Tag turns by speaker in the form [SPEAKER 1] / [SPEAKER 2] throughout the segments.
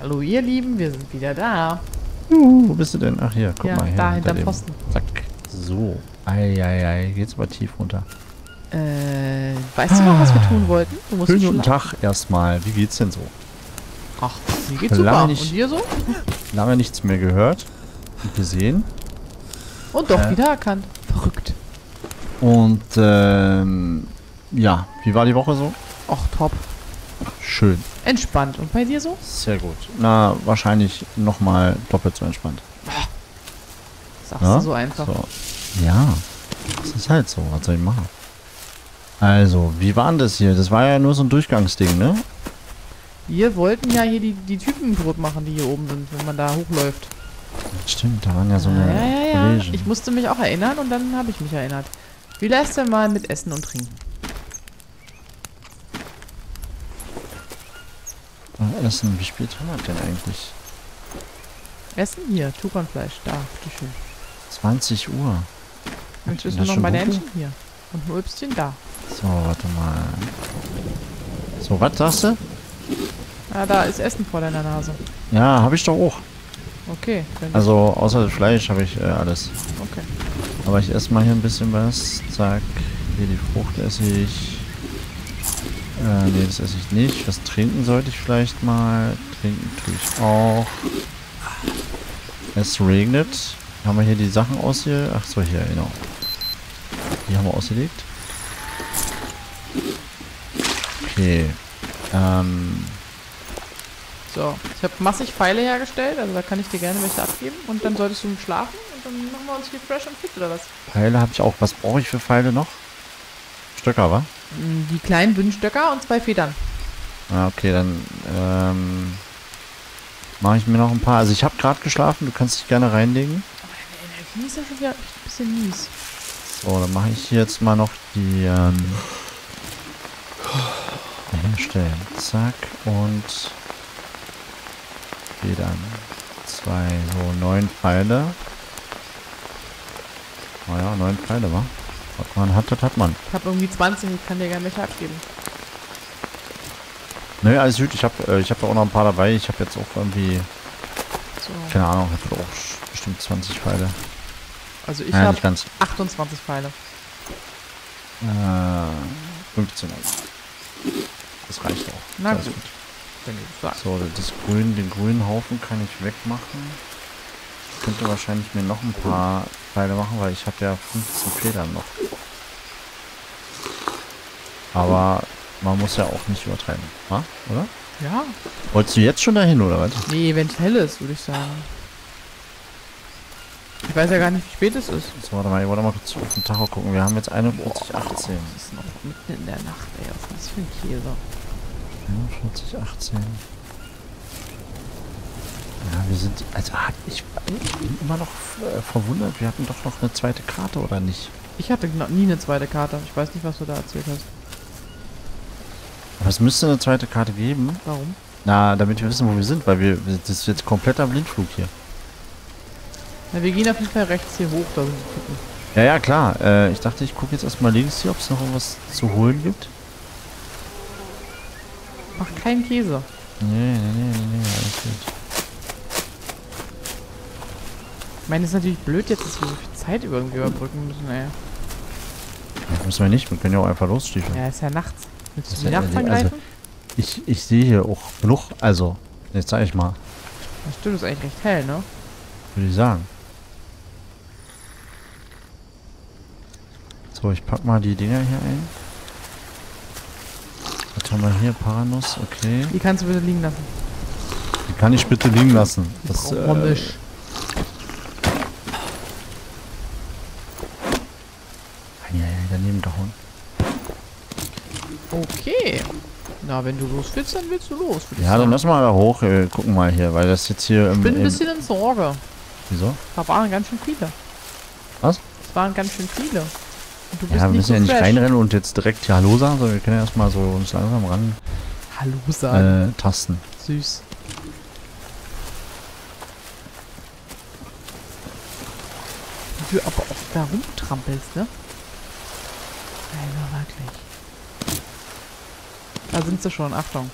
[SPEAKER 1] Hallo ihr Lieben, wir sind wieder da.
[SPEAKER 2] Juhu, wo bist du denn? Ach hier, guck ja, mal. Hier, da hinter dem Posten. Zack. So. Eieiei, geht's aber tief runter.
[SPEAKER 1] Äh, weißt du noch, was wir tun wollten? Du musst Schönen guten Tag
[SPEAKER 2] erstmal. Wie geht's denn so?
[SPEAKER 1] Ach, mir geht's lange super. Nicht, Und dir so?
[SPEAKER 2] Lange nichts mehr gehört und gesehen. Und doch äh. wieder
[SPEAKER 1] erkannt. Verrückt.
[SPEAKER 2] Und, ähm, ja. Wie war die Woche so? Ach, top. Schön.
[SPEAKER 1] Entspannt. Und bei dir so? Sehr gut.
[SPEAKER 2] Na, wahrscheinlich nochmal doppelt so entspannt.
[SPEAKER 1] Sagst ja? du so einfach. So.
[SPEAKER 2] Ja, das ist halt so. Was soll ich machen? Also, wie war denn das hier? Das war ja nur so ein Durchgangsding, ne?
[SPEAKER 1] Wir wollten ja hier die, die Typen grob machen, die hier oben sind, wenn man da hochläuft.
[SPEAKER 2] Stimmt, da waren ja so eine. Ja, ja, ja.
[SPEAKER 1] Ich musste mich auch erinnern und dann habe ich mich erinnert. Wie lässt denn mal mit Essen und Trinken?
[SPEAKER 2] Ach, Essen, wie spät haben wir denn eigentlich?
[SPEAKER 1] Essen hier, Turanfleisch, da, bitteschön.
[SPEAKER 2] 20 Uhr.
[SPEAKER 1] Jetzt ist nur noch bei der hier. Und ein Ulbstchen da.
[SPEAKER 2] So, warte mal. So, was sagst du?
[SPEAKER 1] Ah, da ist Essen vor deiner Nase.
[SPEAKER 2] Ja, habe ich doch auch.
[SPEAKER 1] Okay. Also,
[SPEAKER 2] außer das Fleisch habe ich äh, alles. Okay. Aber ich esse mal hier ein bisschen was. Zack. Hier die Frucht esse ich. Äh, ne, das esse ich nicht. Was trinken sollte ich vielleicht mal. Trinken tue ich auch. Es regnet. Haben wir hier die Sachen ausgelegt? Ach so, hier, genau. Die haben wir ausgelegt. Okay. Ähm.
[SPEAKER 1] So, ich habe massig Pfeile hergestellt, also da kann ich dir gerne welche abgeben. Und dann solltest du schlafen und dann machen wir uns hier fresh und fit oder was?
[SPEAKER 2] Pfeile habe ich auch. Was brauche ich für Pfeile noch? Stöcker, wa?
[SPEAKER 1] Die kleinen Bündenstöcker und zwei Federn.
[SPEAKER 2] Ah, okay, dann ähm, mache ich mir noch ein paar. Also ich habe gerade geschlafen, du kannst dich gerne reinlegen. Aber
[SPEAKER 1] deine Energie ist ja schon wieder ein bisschen mies.
[SPEAKER 2] So, dann mache ich jetzt mal noch die ähm, hinstellen. Zack und Federn. Zwei, so neun Pfeile. Naja, ah oh neun Pfeile, war. Was man hat, das hat man.
[SPEAKER 1] Ich habe irgendwie 20, ich kann dir gar nicht abgeben.
[SPEAKER 2] naja, alles gut. Ich habe äh, ich hab auch noch ein paar dabei. Ich habe jetzt auch irgendwie... So. Keine Ahnung, ich habe auch bestimmt 20 Pfeile. Also ich naja, habe
[SPEAKER 1] 28 Pfeile.
[SPEAKER 2] Äh, 15 also. Das reicht auch.
[SPEAKER 1] Na das gut. gut.
[SPEAKER 2] So, das grün, den grünen Haufen kann ich wegmachen. Ich könnte wahrscheinlich mir noch ein paar Pfeile machen, weil ich habe ja 15 Federn noch. Aber man muss ja auch nicht übertreiben, ha? oder? Ja. Wolltest du jetzt schon dahin, oder was?
[SPEAKER 1] Nee, wenn es hell ist, würde ich sagen.
[SPEAKER 2] Ich weiß ja gar nicht, wie spät es ist. Jetzt warte mal, ich wollte mal kurz auf den Tacho gucken. Wir haben jetzt 41.18. Das ist noch
[SPEAKER 1] mitten in der Nacht, ey. Was ist das für ein Käse? 41.18.
[SPEAKER 2] Ja, wir sind... Also, ah, ich
[SPEAKER 1] bin immer noch
[SPEAKER 2] äh, verwundert. Wir hatten doch noch eine zweite Karte, oder nicht?
[SPEAKER 1] Ich hatte noch nie eine zweite Karte. Ich weiß nicht, was du da erzählt hast.
[SPEAKER 2] Aber es müsste eine zweite Karte geben. Warum? Na, damit wir wissen, wo wir sind, weil wir, das ist jetzt kompletter Blindflug hier.
[SPEAKER 1] Na, wir gehen auf jeden Fall rechts hier hoch, da sind die Kippen.
[SPEAKER 2] Ja, ja, klar. Äh, ich dachte, ich gucke jetzt erstmal links hier, ob es noch irgendwas zu holen gibt.
[SPEAKER 1] Mach keinen Käse.
[SPEAKER 2] Nee, nee, nee, nee, nee, alles gut.
[SPEAKER 1] Ich meine, es ist natürlich blöd jetzt, dass wir so viel Zeit irgendwie überbrücken müssen, ey.
[SPEAKER 2] Ja, müssen wir nicht, wir können ja auch einfach losstiefeln. Ja, ist
[SPEAKER 1] ja nachts. Willst du nachfallen also,
[SPEAKER 2] ich, ich sehe hier auch genug, also, jetzt zeige ich mal.
[SPEAKER 1] Das Stimmt ist eigentlich recht hell, ne?
[SPEAKER 2] Würde ich sagen. So, ich pack mal die Dinger hier ein. Was haben wir hier? Paranus, okay.
[SPEAKER 1] Die kannst du bitte liegen lassen.
[SPEAKER 2] Die kann ich bitte liegen lassen. das äh,
[SPEAKER 1] ist. Ja, ja,
[SPEAKER 2] daneben der Hund.
[SPEAKER 1] Okay. Na, wenn du los willst, dann willst du los. Ja,
[SPEAKER 2] dann lass mal da hoch. Äh, gucken mal hier, weil das jetzt hier... Ich bin ein bisschen
[SPEAKER 1] in Sorge. Wieso? Da waren ganz schön viele. Was? Es waren ganz schön viele. ja, wir müssen so ja nicht fresh.
[SPEAKER 2] reinrennen und jetzt direkt hier Hallo sagen, sondern wir können ja erstmal so uns langsam ran... Hallo äh, sagen. Äh, tasten.
[SPEAKER 1] Süß. du aber auch da rumtrampelst, ne? Da sind sie schon, Achtung.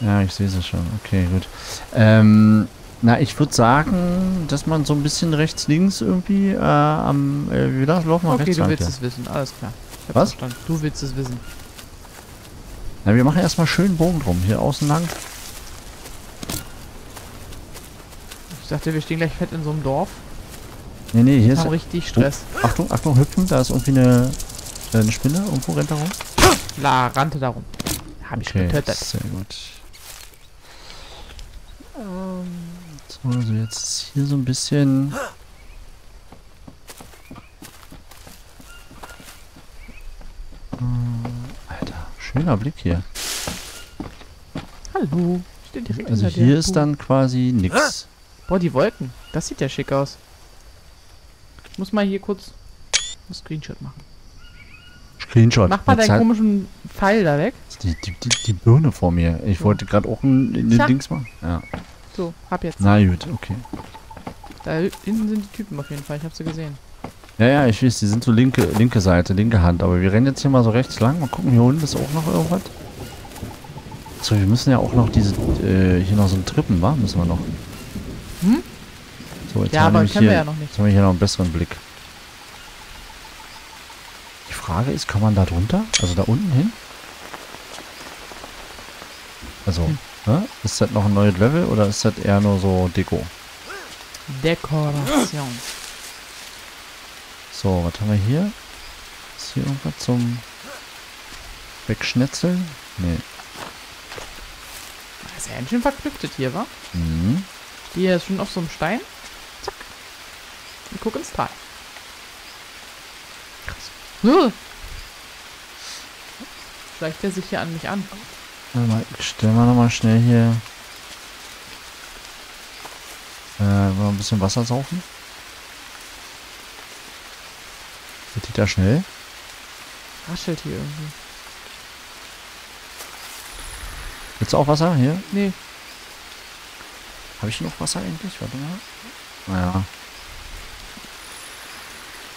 [SPEAKER 2] Ja, ich sehe sie schon. Okay, gut. Ähm, na, ich würde sagen, dass man so ein bisschen rechts, links irgendwie äh, am... Äh, wie das? laufen wir okay, rechts Okay, du willst es
[SPEAKER 1] wissen. Alles klar. Was? Verstanden. Du willst es wissen.
[SPEAKER 2] Na, wir machen erstmal schön Bogen drum. Hier außen lang.
[SPEAKER 1] Ich dachte, wir stehen gleich fett in so einem Dorf.
[SPEAKER 2] Nee, nee, hier ist... richtig Stress. Oh, Achtung, Achtung, hüpfen. Da ist irgendwie eine, äh, eine
[SPEAKER 1] Spinne. Irgendwo rennt da rum. La, rannte da rum. Habe ich okay, getötet. Sehr gut.
[SPEAKER 2] Ähm, so, also jetzt hier so ein bisschen. Hm, Alter, schöner Blick hier.
[SPEAKER 1] Hallo. also hier ist dann quasi nichts. Boah, die Wolken. Das sieht ja schick aus. Ich muss mal hier kurz einen Screenshot machen.
[SPEAKER 2] Screenshot. Mach mal deinen
[SPEAKER 1] komischen Pfeil da weg.
[SPEAKER 2] Die, die, die, die Birne vor mir. Ich so. wollte gerade auch ein, Dings machen. Ja. So, hab jetzt. Na gut, okay.
[SPEAKER 1] Da hinten sind die Typen auf jeden Fall. Ich hab sie gesehen.
[SPEAKER 2] Ja, ja, ich weiß, die sind so linke, linke Seite, linke Hand. Aber wir rennen jetzt hier mal so rechts lang Mal gucken, hier unten ist auch noch irgendwas. So, wir müssen ja auch noch diese, äh, hier noch so ein Trippen, wa? Müssen wir noch. Hm? So, jetzt ja, haben wir hier, ja noch nicht. Jetzt haben wir hier noch einen besseren Blick. Frage ist, kann man da drunter? Also da unten hin? Also, hm. ne? ist das noch ein neues Level oder ist das eher nur so Deko?
[SPEAKER 1] Dekoration.
[SPEAKER 2] So, was haben wir hier? Ist hier irgendwas zum Wegschnetzeln? Nee.
[SPEAKER 1] Das ist ja ganz schön verklüptet hier, wa? Mhm. Hier ist schon auf so einem Stein. Zack. Und guck ins Tal. Vielleicht der sich hier an mich an?
[SPEAKER 2] Ich stell mal nochmal schnell hier. Äh, mal ein bisschen Wasser saufen. Wird die da schnell?
[SPEAKER 1] Raschelt hier irgendwie.
[SPEAKER 2] Willst du auch Wasser hier? Nee.
[SPEAKER 1] Habe ich noch Wasser endlich? Warte mal. Naja.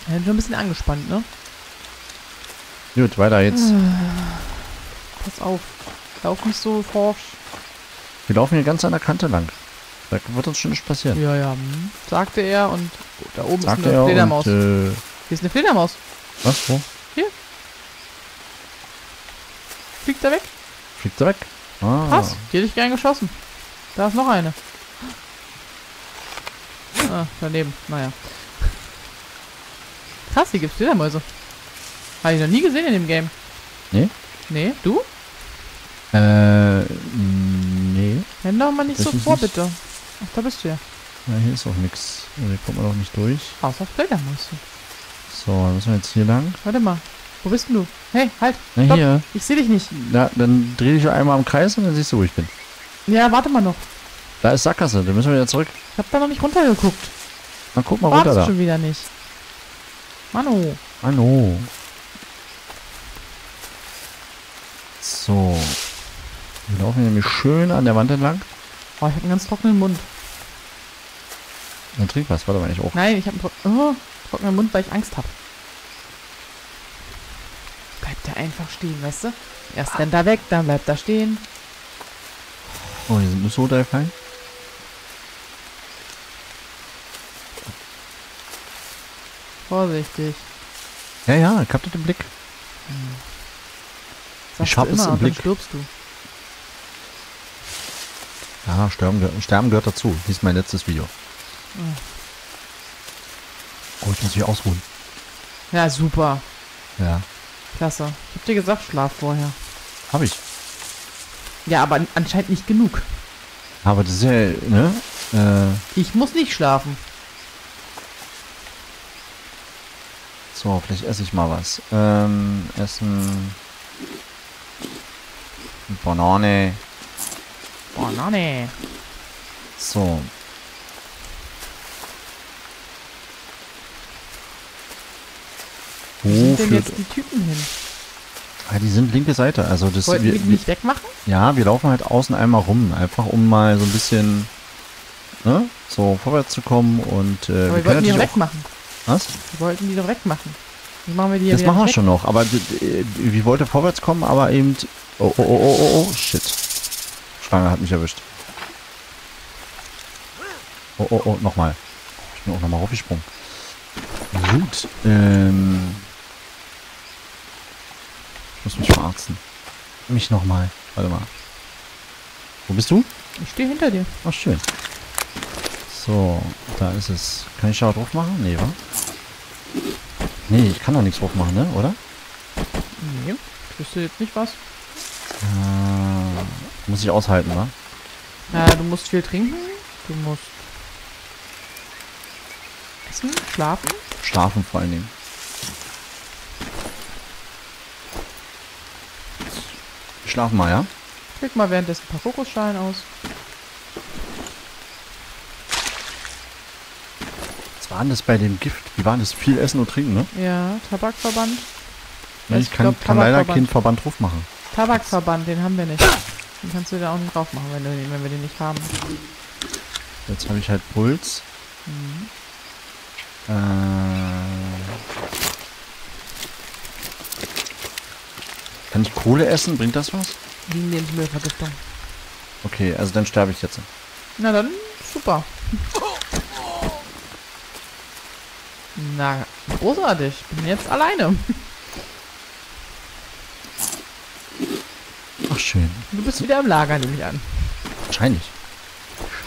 [SPEAKER 1] Ja, schon ein bisschen angespannt, ne?
[SPEAKER 2] Gut, weiter jetzt.
[SPEAKER 1] Ah, pass auf. Lauf nicht so forsch.
[SPEAKER 2] Wir laufen hier ganz an der Kante lang. Da wird uns schon nichts passieren.
[SPEAKER 1] Ja, ja. Hm. Sagte er und oh, da oben Sagte ist eine Fledermaus. Und, äh, hier ist eine Fledermaus.
[SPEAKER 2] Was? Wo? Hier. Fliegt er weg? Fliegt er weg. Ah. Krass,
[SPEAKER 1] die hätte ich gern geschossen. Da ist noch eine. Ah, daneben. Naja. Krass, hier gibt's Fledermäuse. Habe ich noch nie gesehen in dem Game. Nee? Nee, du? Äh, nee.
[SPEAKER 2] Hände doch mal nicht das so vor, nicht.
[SPEAKER 1] bitte. Ach, da bist du ja.
[SPEAKER 2] Na, hier ist auch nichts. Also hier kommt man doch nicht durch.
[SPEAKER 1] Außer Felder musst du.
[SPEAKER 2] So, dann müssen wir jetzt hier lang.
[SPEAKER 1] Warte mal. Wo bist denn du? Hey, halt. Na, Stopp. hier. Ich sehe dich nicht.
[SPEAKER 2] Na, dann dreh dich einmal im Kreis und dann siehst du, wo ich bin.
[SPEAKER 1] Ja, warte mal noch.
[SPEAKER 2] Da ist Sackgasse, da müssen wir wieder zurück.
[SPEAKER 1] Ich hab da noch nicht runtergeguckt.
[SPEAKER 2] Dann guck mal Warst runter da. schon
[SPEAKER 1] wieder nicht. Manu.
[SPEAKER 2] Manu. So. Wir laufen nämlich schön an
[SPEAKER 1] der Wand entlang. Oh, ich habe einen ganz trockenen Mund.
[SPEAKER 2] Dann trink was, warte mal nicht
[SPEAKER 1] auch. Nein, ich habe einen tro oh, trockenen Mund, weil ich Angst habe. Bleibt er einfach stehen, weißt du? Erst ah. rennt er weg, dann bleibt da stehen.
[SPEAKER 2] Oh, hier sind Nüsse runtergefallen.
[SPEAKER 1] Vorsichtig.
[SPEAKER 2] Ja, ja, ich hab den Blick. Hm. Sagst ich habe es im Blick. Dann stirbst du. Ja, sterben, sterben gehört dazu. Dies ist mein letztes Video. Hm. Oh, ich muss mich ausruhen.
[SPEAKER 1] Ja, super. Ja. Klasse. Ich hab dir gesagt, schlaf vorher. Habe ich. Ja, aber anscheinend nicht genug.
[SPEAKER 2] Aber das ist ja, ne? Äh,
[SPEAKER 1] ich muss nicht schlafen.
[SPEAKER 2] So, vielleicht esse ich mal was. Ähm, essen. Banane.
[SPEAKER 1] Banane.
[SPEAKER 2] So. Wo sind denn jetzt die Typen hin? Ja, ah, die sind linke Seite. Also das, Wollten wir, die nicht wegmachen? Ja, wir laufen halt außen einmal rum. Einfach um mal so ein bisschen ne, so vorwärts zu kommen. Und, äh, aber wir, wir wollten die doch wegmachen.
[SPEAKER 1] Was? Wir wollten die doch wegmachen. Machen das machen wir weg. schon
[SPEAKER 2] noch, aber äh, ich wollte vorwärts kommen, aber eben Oh, oh, oh, oh, oh, shit. Schlange hat mich erwischt. Oh, oh, oh, nochmal. Ich bin auch nochmal raufgesprungen. Gut, ähm... Ich muss mich verarzen. Mich nochmal. Warte mal. Wo bist du?
[SPEAKER 1] Ich stehe hinter dir. Ach, schön.
[SPEAKER 2] So, da ist es. Kann ich da drauf machen? Nee, wa? Nee, ich kann da nichts drauf machen, ne? Oder?
[SPEAKER 1] Nee, ich wüsste jetzt nicht was.
[SPEAKER 2] Äh, muss ich aushalten, wa?
[SPEAKER 1] Äh, du musst viel trinken. Du musst essen, schlafen.
[SPEAKER 2] Schlafen vor allen Dingen. Wir mal, ja?
[SPEAKER 1] Krieg mal währenddessen ein paar Kokosschalen aus.
[SPEAKER 2] Was war denn das bei dem Gift? Wie waren das? Viel Essen und Trinken, ne?
[SPEAKER 1] Ja, Tabakverband. Ja, ich, ich kann, glaub, kann leider keinen Verband drauf machen. Tabakverband, den haben wir nicht. Den kannst du da nicht drauf machen, wenn, du, wenn wir den nicht haben.
[SPEAKER 2] Jetzt habe ich halt Puls. Mhm. Äh, kann ich Kohle essen? Bringt das was?
[SPEAKER 1] Wegen Lebensmittelvergiftung.
[SPEAKER 2] Okay, also dann sterbe ich jetzt.
[SPEAKER 1] Na dann, super. Na, großartig. Bin jetzt alleine. Du bist wieder im Lager, nehme ich an. Wahrscheinlich.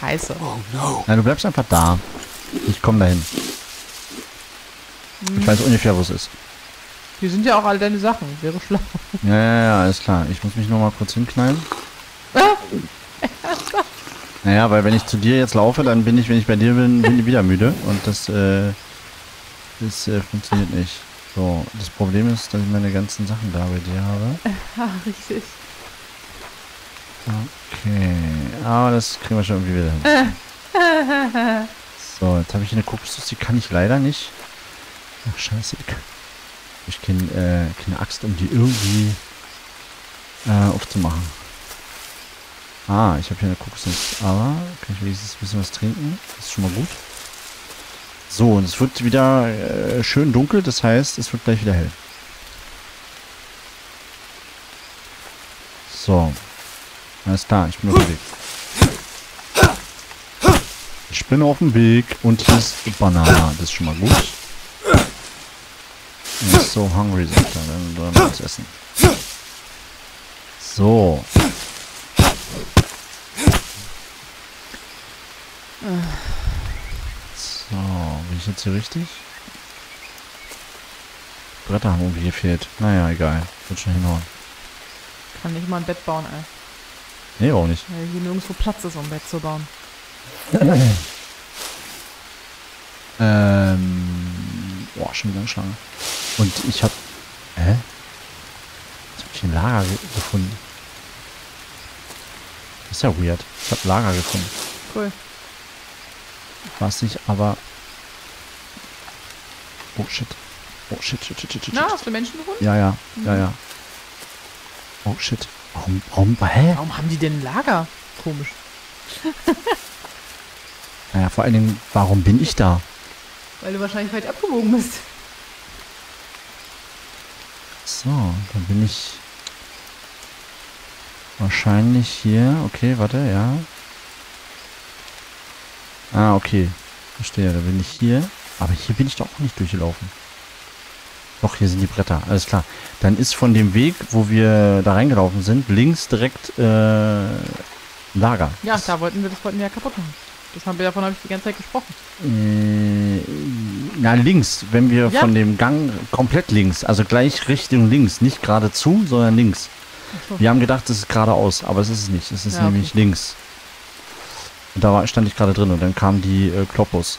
[SPEAKER 1] Scheiße. Oh no.
[SPEAKER 2] Nein, du bleibst einfach da. Ich komme dahin. Hm. Ich weiß ungefähr, wo es ist.
[SPEAKER 1] Hier sind ja auch all deine Sachen. Wäre schlau.
[SPEAKER 2] Ja, ja, ja, alles klar. Ich muss mich nur mal kurz hinknallen. naja, weil wenn ich zu dir jetzt laufe, dann bin ich, wenn ich bei dir bin, bin ich wieder müde. Und das, äh, das äh, funktioniert nicht. So, das Problem ist, dass ich meine ganzen Sachen da bei dir habe.
[SPEAKER 1] Ja, ah, richtig.
[SPEAKER 2] Okay, aber ah, das kriegen wir schon irgendwie wieder hin. so, jetzt habe ich hier eine Kokosnuss, die kann ich leider nicht. Ach, scheiße. Ich habe äh, ich äh, keine Axt, um die irgendwie äh, aufzumachen. Ah, ich habe hier eine Kokosnuss. Aber kann ich wenigstens ein bisschen was trinken. Das ist schon mal gut. So, und es wird wieder äh, schön dunkel. Das heißt, es wird gleich wieder hell. So. Alles klar, ich bin auf dem Weg. Ich bin auf dem Weg und hier ist Banana. Das ist schon mal gut. Ich so hungry, sagt er. Dann wollen wir was essen. So. So, bin ich jetzt hier richtig? Bretter haben irgendwie gefehlt. Naja, egal. Wird schon hinhauen.
[SPEAKER 1] Kann nicht mal ein Bett bauen, ey. Nee, auch nicht? Weil hier nirgendwo Platz ist, um ein Bett zu bauen.
[SPEAKER 2] ähm. Boah, schon wieder eine Schlange. Und ich hab. Hä? Jetzt hab ich ein Lager ge gefunden? Das ist ja weird. Ich hab Lager gefunden. Cool. Was ich aber.
[SPEAKER 1] Oh shit. Oh shit, shit, shit, shit, shit. Na, hast du Menschen gefunden? Ja, ja, mhm. ja, ja. Mhm. Oh shit. Warum, warum, hä? warum haben die denn ein Lager? Komisch.
[SPEAKER 2] naja, vor allen Dingen, warum bin ich da?
[SPEAKER 1] Weil du wahrscheinlich weit abgewogen bist.
[SPEAKER 2] So, dann bin ich wahrscheinlich hier. Okay, warte, ja. Ah, okay. Verstehe, dann bin ich hier. Aber hier bin ich doch auch nicht durchgelaufen. Doch, hier sind die Bretter. Alles klar. Dann ist von dem Weg, wo wir da reingelaufen sind, links direkt äh, Lager.
[SPEAKER 1] Ja, da wollten wir, das wollten wir ja kaputt machen. Das haben wir, davon habe ich die ganze Zeit gesprochen.
[SPEAKER 2] Äh, na, links, wenn wir ja. von dem Gang komplett links, also gleich Richtung links, nicht geradezu, sondern links. So. Wir haben gedacht, es ist geradeaus, aber es ist es nicht. Es ist ja, nämlich okay. links. Und da war, stand ich gerade drin und dann kam die äh, Kloppus.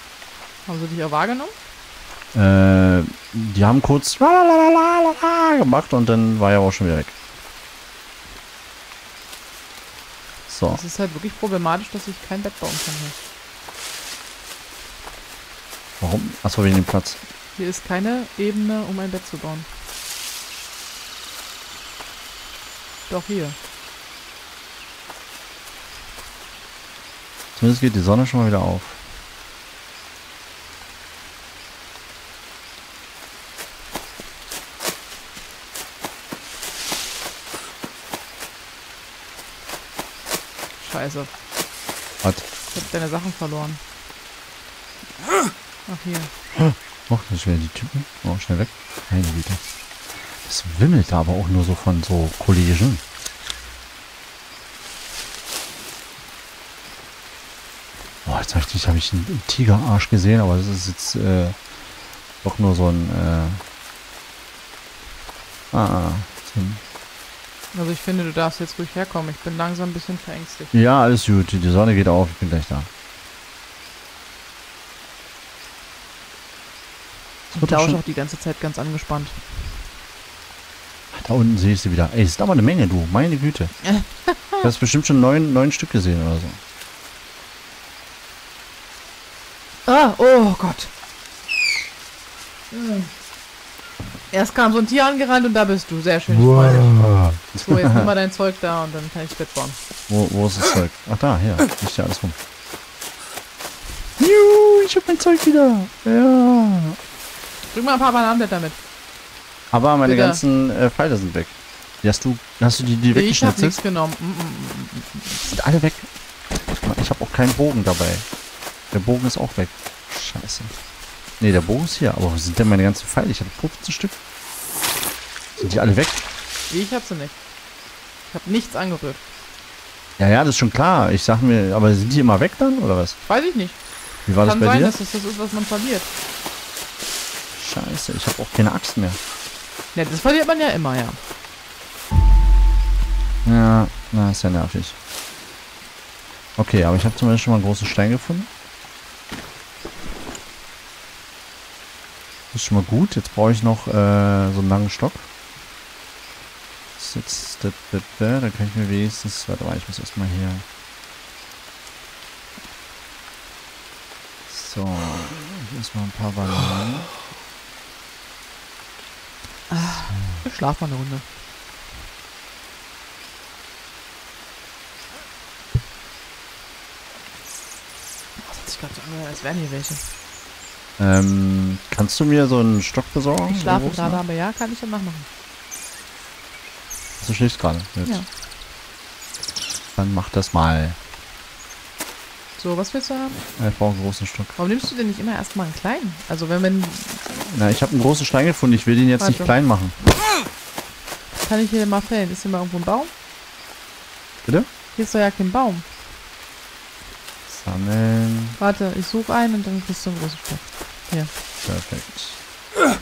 [SPEAKER 1] Haben sie dich auch wahrgenommen?
[SPEAKER 2] Äh, die haben kurz gemacht und dann war er auch schon wieder weg. So.
[SPEAKER 1] Es ist halt wirklich problematisch, dass ich kein Bett bauen kann hier.
[SPEAKER 2] Warum? Achso, wegen dem Platz.
[SPEAKER 1] Hier ist keine Ebene, um ein Bett zu bauen. Doch hier.
[SPEAKER 2] Zumindest geht die Sonne schon mal wieder auf. Scheiße. Was?
[SPEAKER 1] Ich hab deine Sachen verloren. Ach, hier.
[SPEAKER 2] Mach das nicht die Typen. Oh, schnell weg. Meine Güte. Das wimmelt aber auch nur so von so Kollegen. Boah, jetzt habe ich, hab ich einen Tigerarsch gesehen, aber das ist jetzt äh, doch nur so ein... Äh, ah, ah so ein
[SPEAKER 1] also ich finde, du darfst jetzt ruhig herkommen. Ich bin langsam ein bisschen verängstigt. Ja,
[SPEAKER 2] alles gut. Die Sonne geht auf. Ich bin gleich da.
[SPEAKER 1] Ich tausche auch die ganze Zeit ganz angespannt.
[SPEAKER 2] da unten sehe ich sie wieder. Ey, ist aber eine Menge, du. Meine Güte. du hast bestimmt schon neun, neun Stück gesehen oder
[SPEAKER 1] so. Ah, oh Gott. Mhm. Erst kam so ein Tier angerannt und da bist du. Sehr schön. Wow. So, jetzt nimm mal dein Zeug da und dann kann ich Bett bauen.
[SPEAKER 2] Wo, wo ist das Zeug? Ach da, hier. Liegt ja alles rum.
[SPEAKER 1] Juhu, ich hab mein Zeug wieder.
[SPEAKER 2] Ja.
[SPEAKER 1] Bring mal ein paar Bananenblätter mit.
[SPEAKER 2] Aber meine Bitte. ganzen äh, Pfeile sind weg. Die hast du, hast du die, die Ich hab nichts genommen. Die mm, mm, mm, sind alle weg. Ich hab auch keinen Bogen dabei. Der Bogen ist auch weg. Scheiße. Ne, der Bogen ist hier. Aber wo sind denn meine ganzen Pfeile? Ich habe 15 Stück. Sind die alle weg?
[SPEAKER 1] Ich habe sie nicht. Ich habe nichts angerührt.
[SPEAKER 2] Ja, ja, das ist schon klar. Ich sag mir, aber sind die immer weg dann oder was? Weiß ich nicht. Wie war Kann das bei sein, dir? Dass
[SPEAKER 1] das das ist, was man verliert.
[SPEAKER 2] Scheiße, ich habe auch keine Axt mehr.
[SPEAKER 1] Ja, das verliert man ja immer, ja.
[SPEAKER 2] Ja, na, ist ja nervig. Okay, aber ich habe zum Beispiel schon mal einen großen Stein gefunden. Das ist schon mal gut. Jetzt brauche ich noch äh, so einen langen Stock. da, kann ich mir wenigstens... Warte mal, ich muss erstmal hier... So, erstmal ein paar Bananen.
[SPEAKER 1] So. Ah, schlaf mal eine Runde. Das hat sich gerade so angehört, als wären hier welche.
[SPEAKER 2] Ähm, kannst du mir so einen Stock besorgen? Ich schlafe gerade, ne?
[SPEAKER 1] aber ja, kann ich dann nachmachen.
[SPEAKER 2] du also schläfst gerade. Ja. Dann mach das mal.
[SPEAKER 1] So, was willst du haben?
[SPEAKER 2] Äh, ich brauche einen großen Stock.
[SPEAKER 1] Warum nimmst du denn nicht immer erstmal einen kleinen? Also wenn man...
[SPEAKER 2] Na, ich habe einen großen Stein gefunden. Ich will den jetzt Warte. nicht klein machen.
[SPEAKER 1] Kann ich hier mal fällen? Ist hier mal irgendwo ein Baum? Bitte? Hier ist doch ja kein Baum.
[SPEAKER 2] Sammeln.
[SPEAKER 1] Warte, ich suche einen und dann kriegst du einen großen Stock. Hier.
[SPEAKER 2] Perfekt.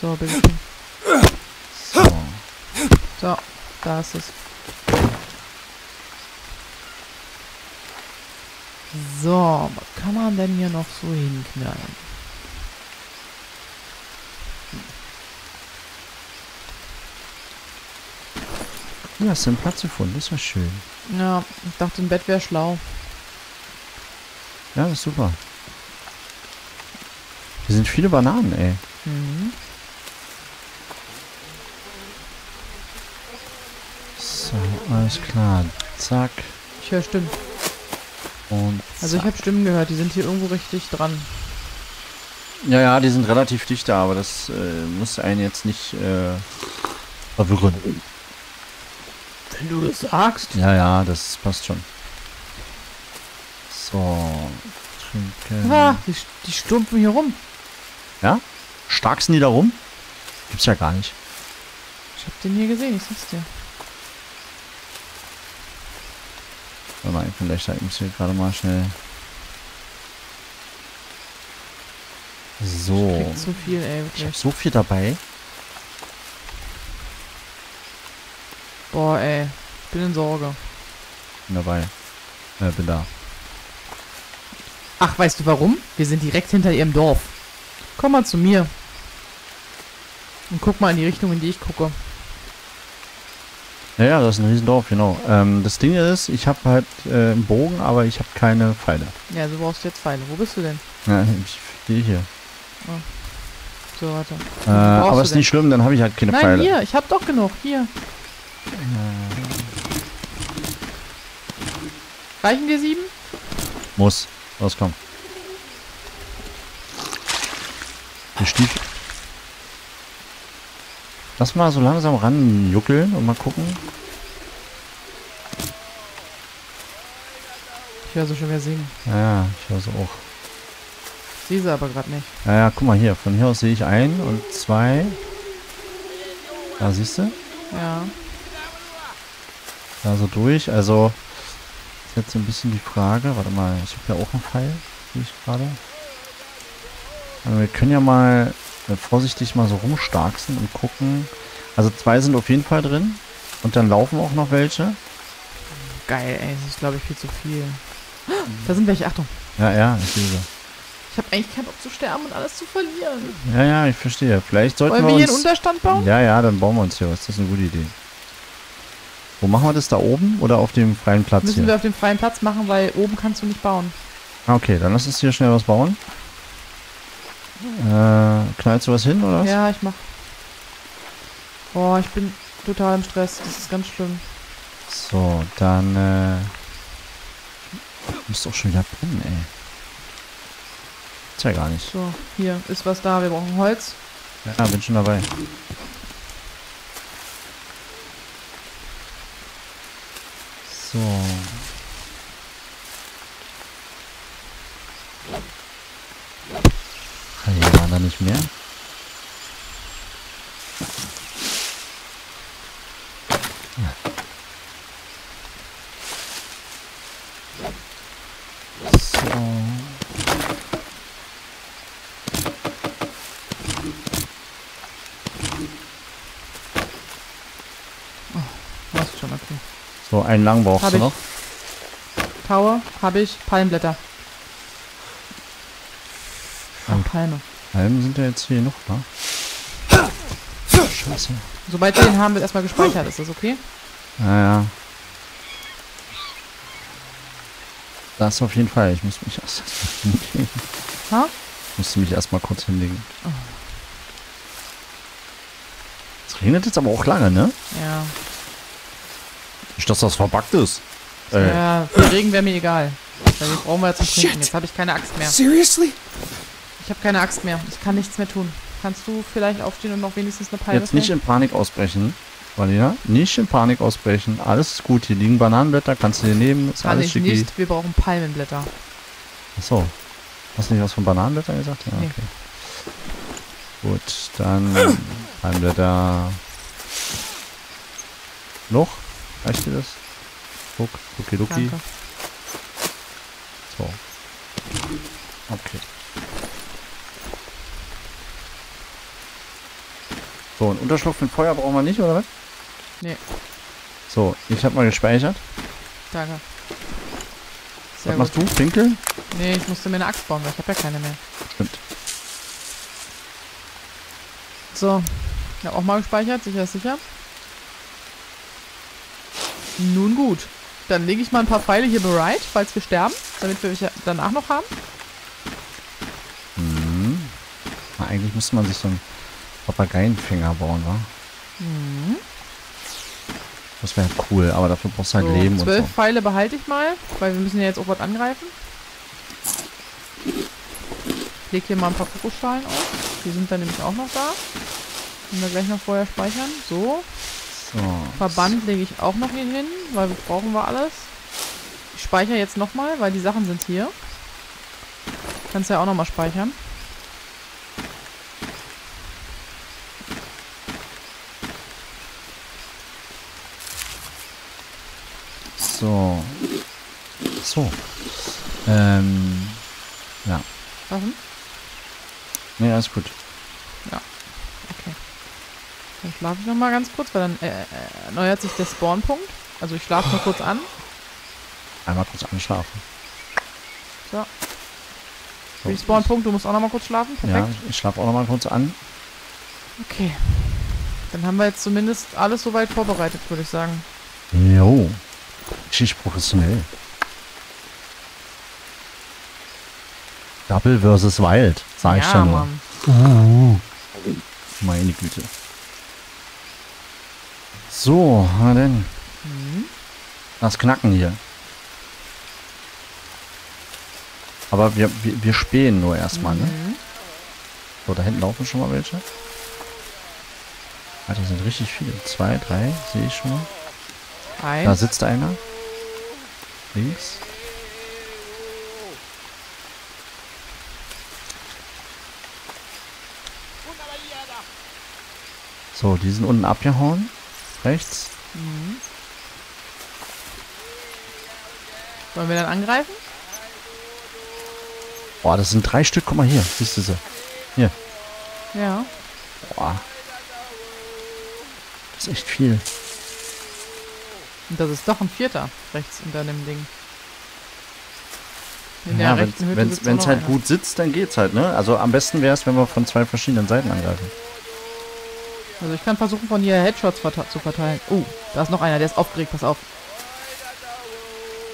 [SPEAKER 1] So, bitte. So. So, da ist es. So, was kann man denn hier noch so hinknallen?
[SPEAKER 2] Du hast einen Platz gefunden, das war schön.
[SPEAKER 1] Ja, ich dachte, ein Bett wäre schlau.
[SPEAKER 2] Ja, das ist super. Hier sind viele Bananen, ey. Mhm. So, alles klar. Zack.
[SPEAKER 1] Ich höre Stimmen. Und zack. Also ich habe Stimmen gehört, die sind hier irgendwo richtig dran.
[SPEAKER 2] Ja, ja, die sind relativ dicht da, aber das äh, muss einen jetzt nicht äh, verwirren.
[SPEAKER 1] Wenn du das sagst.
[SPEAKER 2] Ja, ja, das passt schon. So, trinken. Ah,
[SPEAKER 1] die, die stumpfen hier rum.
[SPEAKER 2] Ja? Starksten die da rum? Gibt's ja gar nicht.
[SPEAKER 1] Ich hab den hier gesehen, ich sag's dir.
[SPEAKER 2] Oh nein, vielleicht halten wir gerade mal schnell. So. Ich, so viel, ey, ich hab so viel dabei.
[SPEAKER 1] Boah, ey. Bin in Sorge.
[SPEAKER 2] Bin dabei. Äh, bin da.
[SPEAKER 1] Ach, weißt du warum? Wir sind direkt hinter ihrem Dorf. Komm mal zu mir. Und guck mal in die Richtung, in die ich gucke.
[SPEAKER 2] Naja, das ist ein Riesendorf, genau. Ähm, das Ding ist, ich habe halt äh, einen Bogen, aber ich habe keine Pfeile.
[SPEAKER 1] Ja, so brauchst du jetzt Pfeile. Wo bist du denn?
[SPEAKER 2] Ja, ich stehe hier.
[SPEAKER 1] Oh. So, warte. Äh, aber ist denn? nicht
[SPEAKER 2] schlimm, dann habe ich halt keine Nein, Pfeile.
[SPEAKER 1] hier, ich habe doch genug. Hier. Äh. Reichen dir sieben?
[SPEAKER 2] Muss. Los, komm. Bestieg. Lass mal so langsam ranjuckeln und mal gucken.
[SPEAKER 1] Ich höre sie schon wieder singen.
[SPEAKER 2] Ja, ich höre sie auch.
[SPEAKER 1] Ich sie aber gerade nicht.
[SPEAKER 2] Ja, ja, guck mal hier. Von hier aus sehe ich ein und zwei. Da siehst
[SPEAKER 1] du? Ja.
[SPEAKER 2] Da so durch. Also ist jetzt ein bisschen die Frage. Warte mal, ich habe ja auch einen Pfeil, sehe ich gerade. wir können ja mal äh, vorsichtig mal so rumstarksen und gucken. Also zwei sind auf jeden Fall drin. Und dann laufen auch
[SPEAKER 1] noch welche. Geil, ey, das ist glaube ich viel zu viel. Da sind welche, Achtung.
[SPEAKER 2] Ja, ja, ich sehe sie.
[SPEAKER 1] Ich habe eigentlich keinen Bock zu sterben und alles zu verlieren.
[SPEAKER 2] Ja, ja, ich verstehe. Vielleicht sollten Wollen wir, wir hier uns... einen Unterstand bauen? Ja, ja, dann bauen wir uns hier was. Das ist eine gute Idee. Wo machen wir das da oben oder auf dem freien Platz Müssen hier? wir
[SPEAKER 1] auf dem freien Platz machen, weil oben kannst du nicht bauen.
[SPEAKER 2] Ah, okay, dann lass uns hier schnell was bauen. Äh, knallst du was hin oder was?
[SPEAKER 1] Ja, ich mach. Boah, ich bin total im Stress. Das ist ganz schlimm.
[SPEAKER 2] So, dann äh, muss doch schon wieder brennen, ey. Ist ja gar nicht. So,
[SPEAKER 1] hier ist was da. Wir brauchen Holz.
[SPEAKER 2] Ja, bin schon dabei. 있어. 할얘안 하는 중이야? 수고. So, einen lang brauchst hab du ich. noch.
[SPEAKER 1] Tower habe ich, Palmblätter. Ach, Palme.
[SPEAKER 2] Palmen sind ja jetzt hier noch, ne? Scheiße.
[SPEAKER 1] Sobald wir den haben, wird erstmal gespeichert, ist das okay?
[SPEAKER 2] Naja. Das auf jeden Fall. Ich muss mich erst hinlegen. Ha? Ich musste mich erstmal kurz hinlegen. Oh. Es regnet jetzt aber auch lange, ne? Ja nicht, dass das verbuggt ist. Äh. Ja,
[SPEAKER 1] Regen wäre mir egal. Weil brauchen wir jetzt zum Shit. Trinken. Jetzt habe ich keine Axt mehr. Seriously? Ich habe keine Axt mehr. Ich kann nichts mehr tun. Kannst du vielleicht aufstehen und noch wenigstens eine Palme Jetzt nicht nehmen?
[SPEAKER 2] in Panik ausbrechen, Valina. Nicht in Panik ausbrechen. Alles ist gut. Hier liegen Bananenblätter. Kannst du dir nehmen. Ist kann alles ich schicki. nicht.
[SPEAKER 1] Wir brauchen Palmenblätter.
[SPEAKER 2] Achso. Hast du nicht was von Bananenblättern gesagt? Ja, nee. okay. Gut, dann Palmenblätter. Noch? Reicht dir das? Guck, okay, Luki. So. Okay. So, einen Unterschlupf mit Feuer brauchen wir nicht, oder
[SPEAKER 1] was? Nee.
[SPEAKER 2] So, ich hab mal gespeichert.
[SPEAKER 1] Danke. Sehr was machst gut. du? Pinkel? Nee, ich musste mir eine Axt bauen, weil ich habe ja keine mehr. Stimmt. So. Ich hab auch mal gespeichert, sicher ist sicher. Nun gut. Dann lege ich mal ein paar Pfeile hier bereit, falls wir sterben, damit wir welche danach noch haben.
[SPEAKER 2] Mhm. eigentlich müsste man sich so einen Papageienfinger bauen, wa? Mhm. Das wäre cool, aber dafür brauchst du halt so, Leben und so. Zwölf
[SPEAKER 1] Pfeile behalte ich mal, weil wir müssen ja jetzt auch was angreifen. Ich lege hier mal ein paar Fokusschalen auf. Die sind dann nämlich auch noch da. Können wir gleich noch vorher speichern. So. So. Verband lege ich auch noch hier hin, weil wir brauchen wir alles. Ich speichere jetzt nochmal, weil die Sachen sind hier. Kannst ja auch nochmal speichern.
[SPEAKER 2] So. So. Ähm. Ja.
[SPEAKER 1] Warum? Nee, alles gut. Ja. Dann schlafe ich nochmal ganz kurz, weil dann äh, äh, erneuert sich der Spawnpunkt. Also ich schlafe nur kurz an.
[SPEAKER 2] Einmal kurz anschlafen.
[SPEAKER 1] So. so. respawn du musst auch nochmal kurz schlafen. Perfekt. Ja,
[SPEAKER 2] ich schlafe auch nochmal kurz an.
[SPEAKER 1] Okay. Dann haben wir jetzt zumindest alles soweit vorbereitet, würde ich sagen.
[SPEAKER 2] Jo. Richtig professionell. Double versus Wild, sag ja, ich schon mal. Uh, meine Güte. So, na denn. Mhm. Das Knacken hier. Aber wir, wir, wir spähen nur erstmal, ne? mhm. ne? So, da hinten laufen schon mal welche. Alter, ah, sind richtig viele. Zwei, drei, sehe ich schon mal. Ein. Da sitzt einer. Links. So, die sind unten abgehauen rechts.
[SPEAKER 1] Mhm. Wollen wir dann angreifen?
[SPEAKER 2] Boah, das sind drei Stück. Guck mal hier. Siehst du sie? Hier. Ja. Boah. Das ist echt viel.
[SPEAKER 1] Und das ist doch ein vierter rechts unter dem Ding. In ja, wenn es halt gut
[SPEAKER 2] sitzt, dann geht's halt, ne? Also am besten wäre es, wenn wir von zwei verschiedenen Seiten angreifen.
[SPEAKER 1] Also ich kann versuchen, von hier Headshots verte zu verteilen. Oh, da ist noch einer, der ist aufgeregt, pass auf.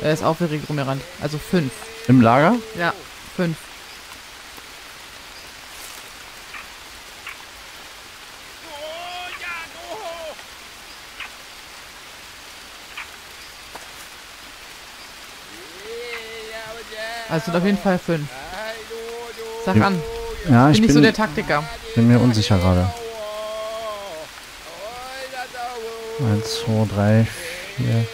[SPEAKER 1] Er ist aufgeregt rumgerannt. Also fünf. Im Lager? Ja, fünf. Also sind auf jeden Fall fünf. Sag an. Ja, ich bin nicht bin, so der Taktiker.
[SPEAKER 2] Bin mir unsicher gerade. Eins, zwei, drei, vier.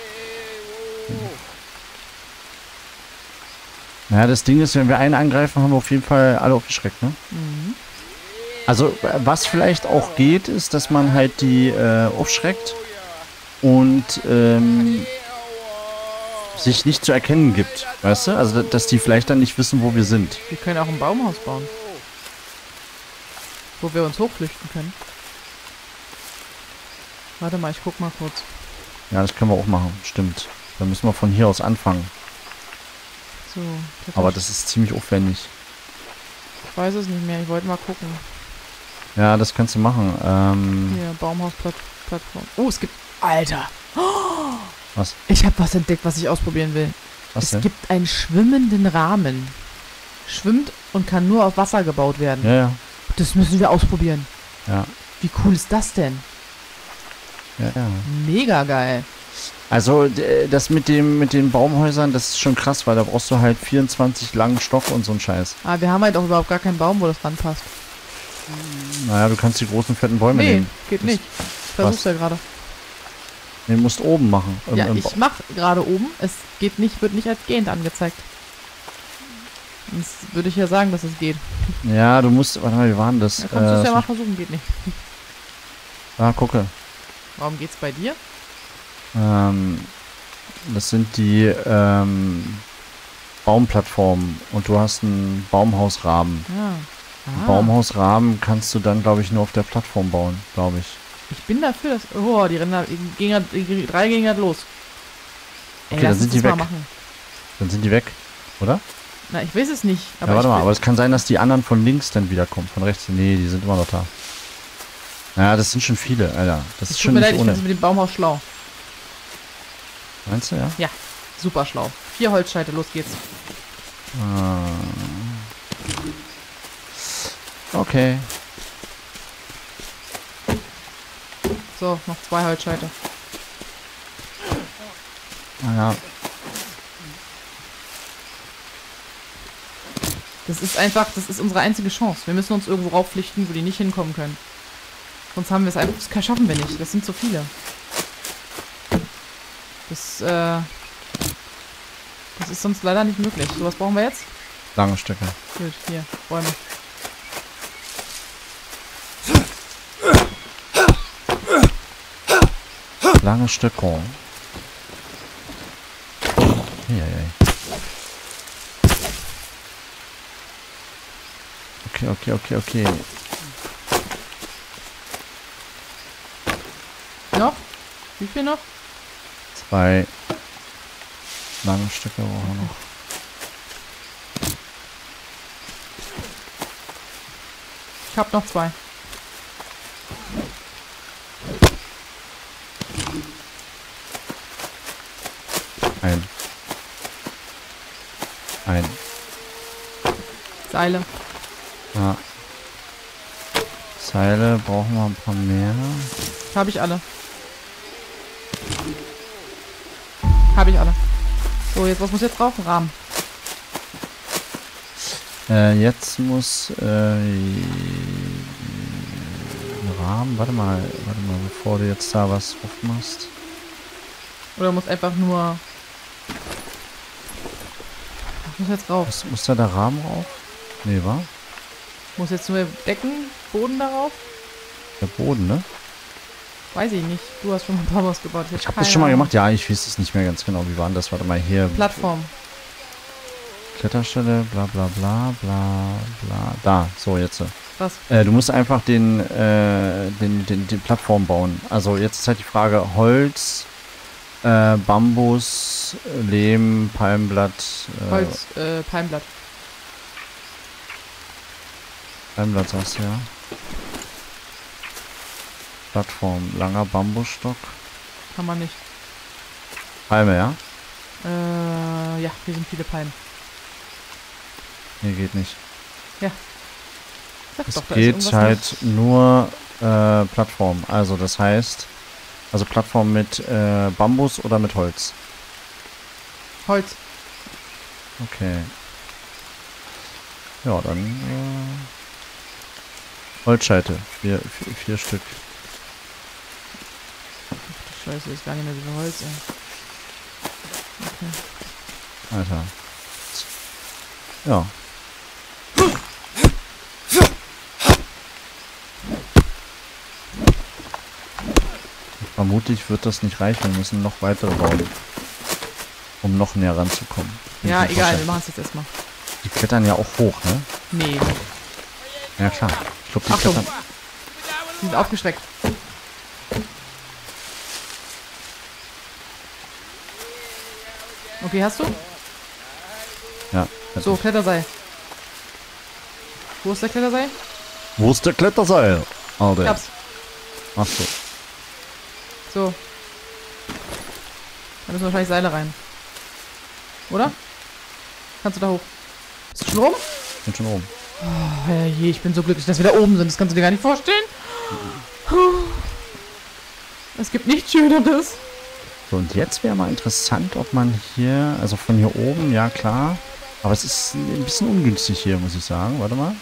[SPEAKER 2] Naja, das Ding ist, wenn wir einen angreifen, haben wir auf jeden Fall alle aufgeschreckt, ne? Mhm. Also, was vielleicht auch geht, ist, dass man halt die äh, aufschreckt und ähm, sich nicht zu erkennen gibt, weißt du? Also, dass die vielleicht dann nicht wissen, wo wir sind.
[SPEAKER 1] Wir können auch ein Baumhaus bauen. Wo wir uns hochflüchten können. Warte mal, ich guck mal kurz.
[SPEAKER 2] Ja, das können wir auch machen. Stimmt. Dann müssen wir von hier aus anfangen.
[SPEAKER 1] So. Aber
[SPEAKER 2] das ist ziemlich aufwendig.
[SPEAKER 1] Ich weiß es nicht mehr. Ich wollte mal gucken.
[SPEAKER 2] Ja, das kannst du machen. Ähm
[SPEAKER 1] hier, Baumhausplattform. Oh, es gibt... Alter! Oh! Was? Ich habe was entdeckt, was ich ausprobieren will. Was es denn? gibt einen schwimmenden Rahmen. Schwimmt und kann nur auf Wasser gebaut werden. Ja, ja. Das müssen wir ausprobieren. Ja. Wie cool ist das denn? Ja, ja. Mega geil.
[SPEAKER 2] Also äh, das mit dem mit den Baumhäusern, das ist schon krass, weil da brauchst du halt 24 langen Stock und so einen Scheiß.
[SPEAKER 1] Ah, wir haben halt auch überhaupt gar keinen Baum, wo das ranpasst. Naja,
[SPEAKER 2] du kannst die großen fetten Bäume nee, nehmen.
[SPEAKER 1] Nee, geht das nicht. Ich versuch's ja gerade.
[SPEAKER 2] Nee, du musst oben machen. Im, ja, im ich mach
[SPEAKER 1] gerade oben. Es geht nicht, wird nicht als gehend angezeigt. Das würde ich ja sagen, dass es geht.
[SPEAKER 2] Ja, du musst, warte mal, wie war denn das? Äh, ja, kannst äh, du es ja
[SPEAKER 1] mal versuchen, geht nicht. Ah, gucke. Warum geht's bei dir?
[SPEAKER 2] Ähm, das sind die ähm, Baumplattformen und du hast einen Baumhausrahmen. Ja.
[SPEAKER 1] Ah. ah.
[SPEAKER 2] Baumhausrahmen kannst du dann, glaube ich, nur auf der Plattform bauen, glaube ich.
[SPEAKER 1] Ich bin dafür, dass. Oh, die Ränder. Ging halt, die drei gingen halt los. Ey, okay, dann sind die weg.
[SPEAKER 2] Dann sind die weg, oder?
[SPEAKER 1] Na, ich weiß es nicht. Aber ja, warte mal, aber
[SPEAKER 2] es kann sein, dass die anderen von links dann wiederkommen, von rechts. Nee, die sind immer noch da. Ja, das sind schon viele, Alter. Das, das ist schon mir leid, nicht ohne. ich
[SPEAKER 1] mit dem Baumhaus schlau. Meinst du, ja? Ja, super schlau. Vier Holzscheite, los geht's.
[SPEAKER 2] Ah. Okay.
[SPEAKER 1] So, noch zwei Holzscheite. Ah, ja. Das ist einfach, das ist unsere einzige Chance. Wir müssen uns irgendwo raufflichten, wo die nicht hinkommen können. Sonst haben wir es einfach. Das schaffen wir nicht. Das sind zu viele. Das, äh, das ist sonst leider nicht möglich. So, was brauchen wir jetzt? Lange Stöcke. Gut, hier, Bäume.
[SPEAKER 2] Lange Stöcke. Hey, Okay, okay, okay, okay.
[SPEAKER 1] Noch? Wie viel noch?
[SPEAKER 2] Zwei lange Stücke brauchen
[SPEAKER 1] wir noch. Ich hab noch zwei.
[SPEAKER 2] Ein. Ein. Seile. Ja. Seile brauchen wir ein paar mehr.
[SPEAKER 1] Habe ich alle. Habe ich alle. So, jetzt was muss jetzt drauf? Rahmen.
[SPEAKER 2] Äh, jetzt muss äh, Rahmen. Warte mal, warte mal, bevor du jetzt da was drauf machst.
[SPEAKER 1] Oder muss einfach nur. Was muss jetzt drauf?
[SPEAKER 2] Was, muss da der Rahmen drauf? Nee, war?
[SPEAKER 1] Muss jetzt nur Decken, Boden darauf?
[SPEAKER 2] Der Boden, ne?
[SPEAKER 1] Weiß ich nicht. Du hast schon mal Baumhaus gebaut. Ich, ich habe das schon mal gemacht.
[SPEAKER 2] Ja, ich weiß es nicht mehr ganz genau. Wie war denn das? Warte mal hier. Plattform. Kletterstelle, bla bla bla bla bla. Da, so jetzt. Was? Äh, du musst einfach den, äh, den, den, den Plattform bauen. Also jetzt ist halt die Frage Holz, äh, Bambus, Lehm, Palmblatt. Äh, Holz,
[SPEAKER 1] äh, Palmblatt.
[SPEAKER 2] Palmblatt sagst du, ja. Plattform. Langer Bambusstock. Kann man nicht. Palme, ja?
[SPEAKER 1] Äh, ja, hier sind viele Palmen. Hier geht nicht. Ja. Sag es doch, geht halt
[SPEAKER 2] nicht. nur äh, Plattform. Also das heißt, also Plattform mit äh, Bambus oder mit Holz? Holz. Okay. Ja, dann äh, Holzscheite. Vier, vier, vier Stück.
[SPEAKER 1] Scheiße, ist gar nicht mehr so Holz, ey.
[SPEAKER 2] Okay. Alter. Ja. Vermutlich wird das nicht reichen. Wir müssen noch weitere bauen. Um noch näher ranzukommen.
[SPEAKER 1] ja, egal, wir machen es jetzt erstmal.
[SPEAKER 2] Die klettern ja auch hoch, ne? Nee. Ja klar. Ich glaube, die Achtung. klettern.
[SPEAKER 1] Die sind aufgeschreckt. Okay, hast du? Ja. So, Kletterseil. Wo ist der Kletterseil?
[SPEAKER 2] Wo ist der Kletterseil? Alter. Ich hab's. Ach so.
[SPEAKER 1] So. Da müssen wahrscheinlich Seile rein. Oder? Kannst du da hoch? Bist du schon rum? Ich bin schon oben. Oh, je, ich bin so glücklich, dass wir da oben sind. Das kannst du dir gar nicht vorstellen. Es gibt nichts Schöneres.
[SPEAKER 2] So, und jetzt wäre mal interessant, ob man hier, also von hier oben, ja klar. Aber es ist ein bisschen ungünstig hier, muss ich sagen. Warte mal.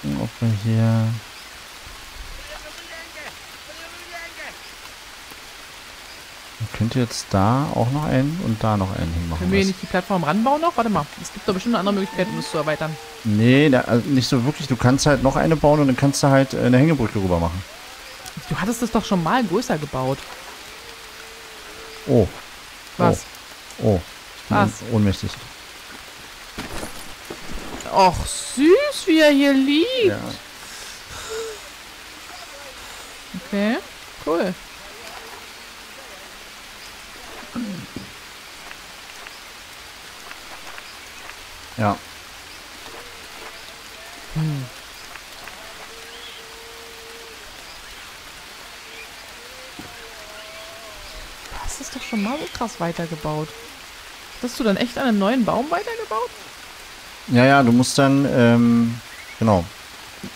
[SPEAKER 2] Gucken, ob wir hier... Man könnte jetzt da auch noch einen und da noch einen hinmachen. Können wir hier
[SPEAKER 1] nicht die Plattform ranbauen noch? Warte mal, es gibt doch bestimmt eine andere Möglichkeit, um das zu erweitern.
[SPEAKER 2] Nee, da, also nicht so wirklich. Du kannst halt noch eine bauen und dann kannst du halt äh, eine Hängebrücke rüber machen.
[SPEAKER 1] Du hattest es doch schon mal größer gebaut.
[SPEAKER 2] Oh. Was? Oh. oh. Ich bin Was? ohnmächtig.
[SPEAKER 1] Och, süß, wie er hier liegt. Ja. Okay, cool. Ja. mal so krass weitergebaut. Hast du dann echt an einem neuen Baum weitergebaut?
[SPEAKER 2] Ja, ja, du musst dann, ähm, genau.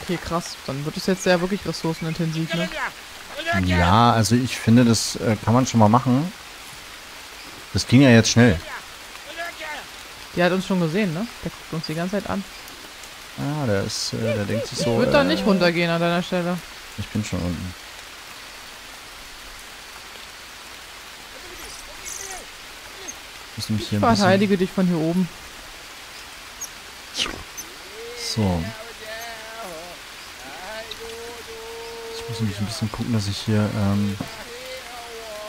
[SPEAKER 1] Okay, krass. Dann wird es jetzt sehr wirklich ressourcenintensiv, ne? Ja,
[SPEAKER 2] also ich finde, das äh, kann man schon mal machen. Das ging ja jetzt schnell.
[SPEAKER 1] Der hat uns schon gesehen, ne? Der guckt uns die ganze Zeit an.
[SPEAKER 2] Ah, der ist, äh, der denkt sich so. Ich würde äh, da nicht
[SPEAKER 1] runtergehen an deiner Stelle.
[SPEAKER 2] Ich bin schon unten.
[SPEAKER 1] Ich, ich verteidige dich von hier oben.
[SPEAKER 2] So. Ich muss nämlich ein bisschen gucken, dass ich hier ähm,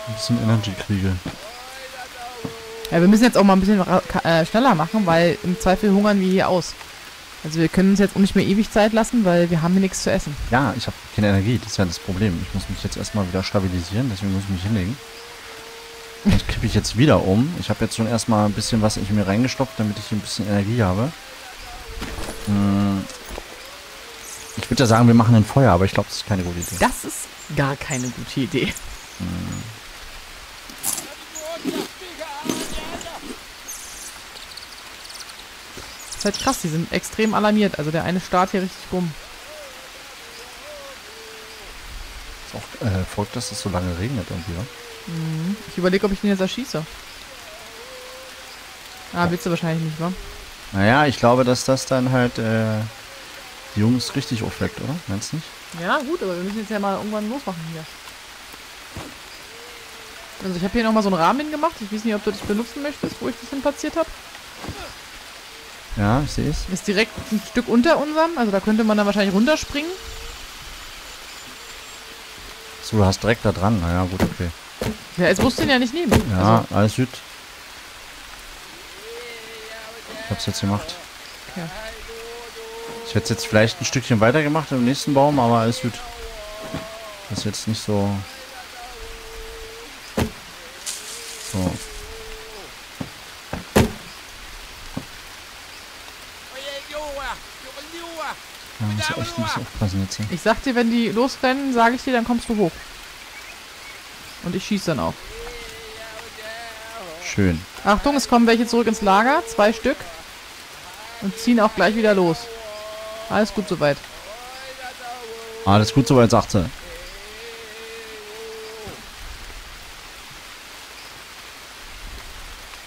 [SPEAKER 2] ein bisschen Energy kriege.
[SPEAKER 1] Ja, wir müssen jetzt auch mal ein bisschen äh, schneller machen, weil im Zweifel hungern wir hier aus. Also wir können uns jetzt auch nicht mehr ewig Zeit lassen, weil wir haben hier nichts zu essen. Ja, ich habe
[SPEAKER 2] keine Energie, das ist ja das Problem. Ich muss mich jetzt erstmal wieder stabilisieren, deswegen muss ich mich hinlegen. Das kippe ich jetzt wieder um. Ich habe jetzt schon erstmal ein bisschen was in mir reingestopft, damit ich hier ein bisschen Energie habe. Hm. Ich würde ja sagen, wir machen ein Feuer, aber ich glaube, das ist keine gute Idee.
[SPEAKER 1] Das ist gar keine gute Idee. Das hm. ist halt krass, die sind extrem alarmiert. Also der eine starrt hier richtig rum. Ist auch
[SPEAKER 2] äh, folgt, dass es so lange regnet irgendwie, oder?
[SPEAKER 1] Mhm. Ich überlege, ob ich den jetzt erschieße. Ah, willst du wahrscheinlich nicht, wa?
[SPEAKER 2] Naja, ich glaube, dass das dann halt äh, die Jungs richtig aufweckt, oder? Meinst du nicht?
[SPEAKER 1] Ja, gut, aber wir müssen jetzt ja mal irgendwann losmachen hier. Also ich habe hier nochmal so einen Rahmen gemacht. Ich weiß nicht, ob du das benutzen möchtest, wo ich das hin platziert habe.
[SPEAKER 2] Ja, ich sehe es.
[SPEAKER 1] Ist direkt ein Stück unter unserem. Also da könnte man dann wahrscheinlich runterspringen.
[SPEAKER 2] So, du hast direkt da dran. Naja, gut, okay.
[SPEAKER 1] Ja, jetzt musst du ihn ja nicht nehmen. Ja,
[SPEAKER 2] also. alles gut. Ich hab's jetzt gemacht. Ja. Ich hätte jetzt vielleicht ein Stückchen weiter gemacht im nächsten Baum, aber alles gut. Das ist jetzt nicht so... So.
[SPEAKER 1] Ja, muss echt ein bisschen aufpassen jetzt hier. Ich sag dir, wenn die losrennen, sage ich dir, dann kommst du hoch. Und ich schieße dann auch. Schön. Achtung, es kommen welche zurück ins Lager. Zwei Stück. Und ziehen auch gleich wieder los. Alles gut soweit.
[SPEAKER 2] Alles gut soweit, sagt sie.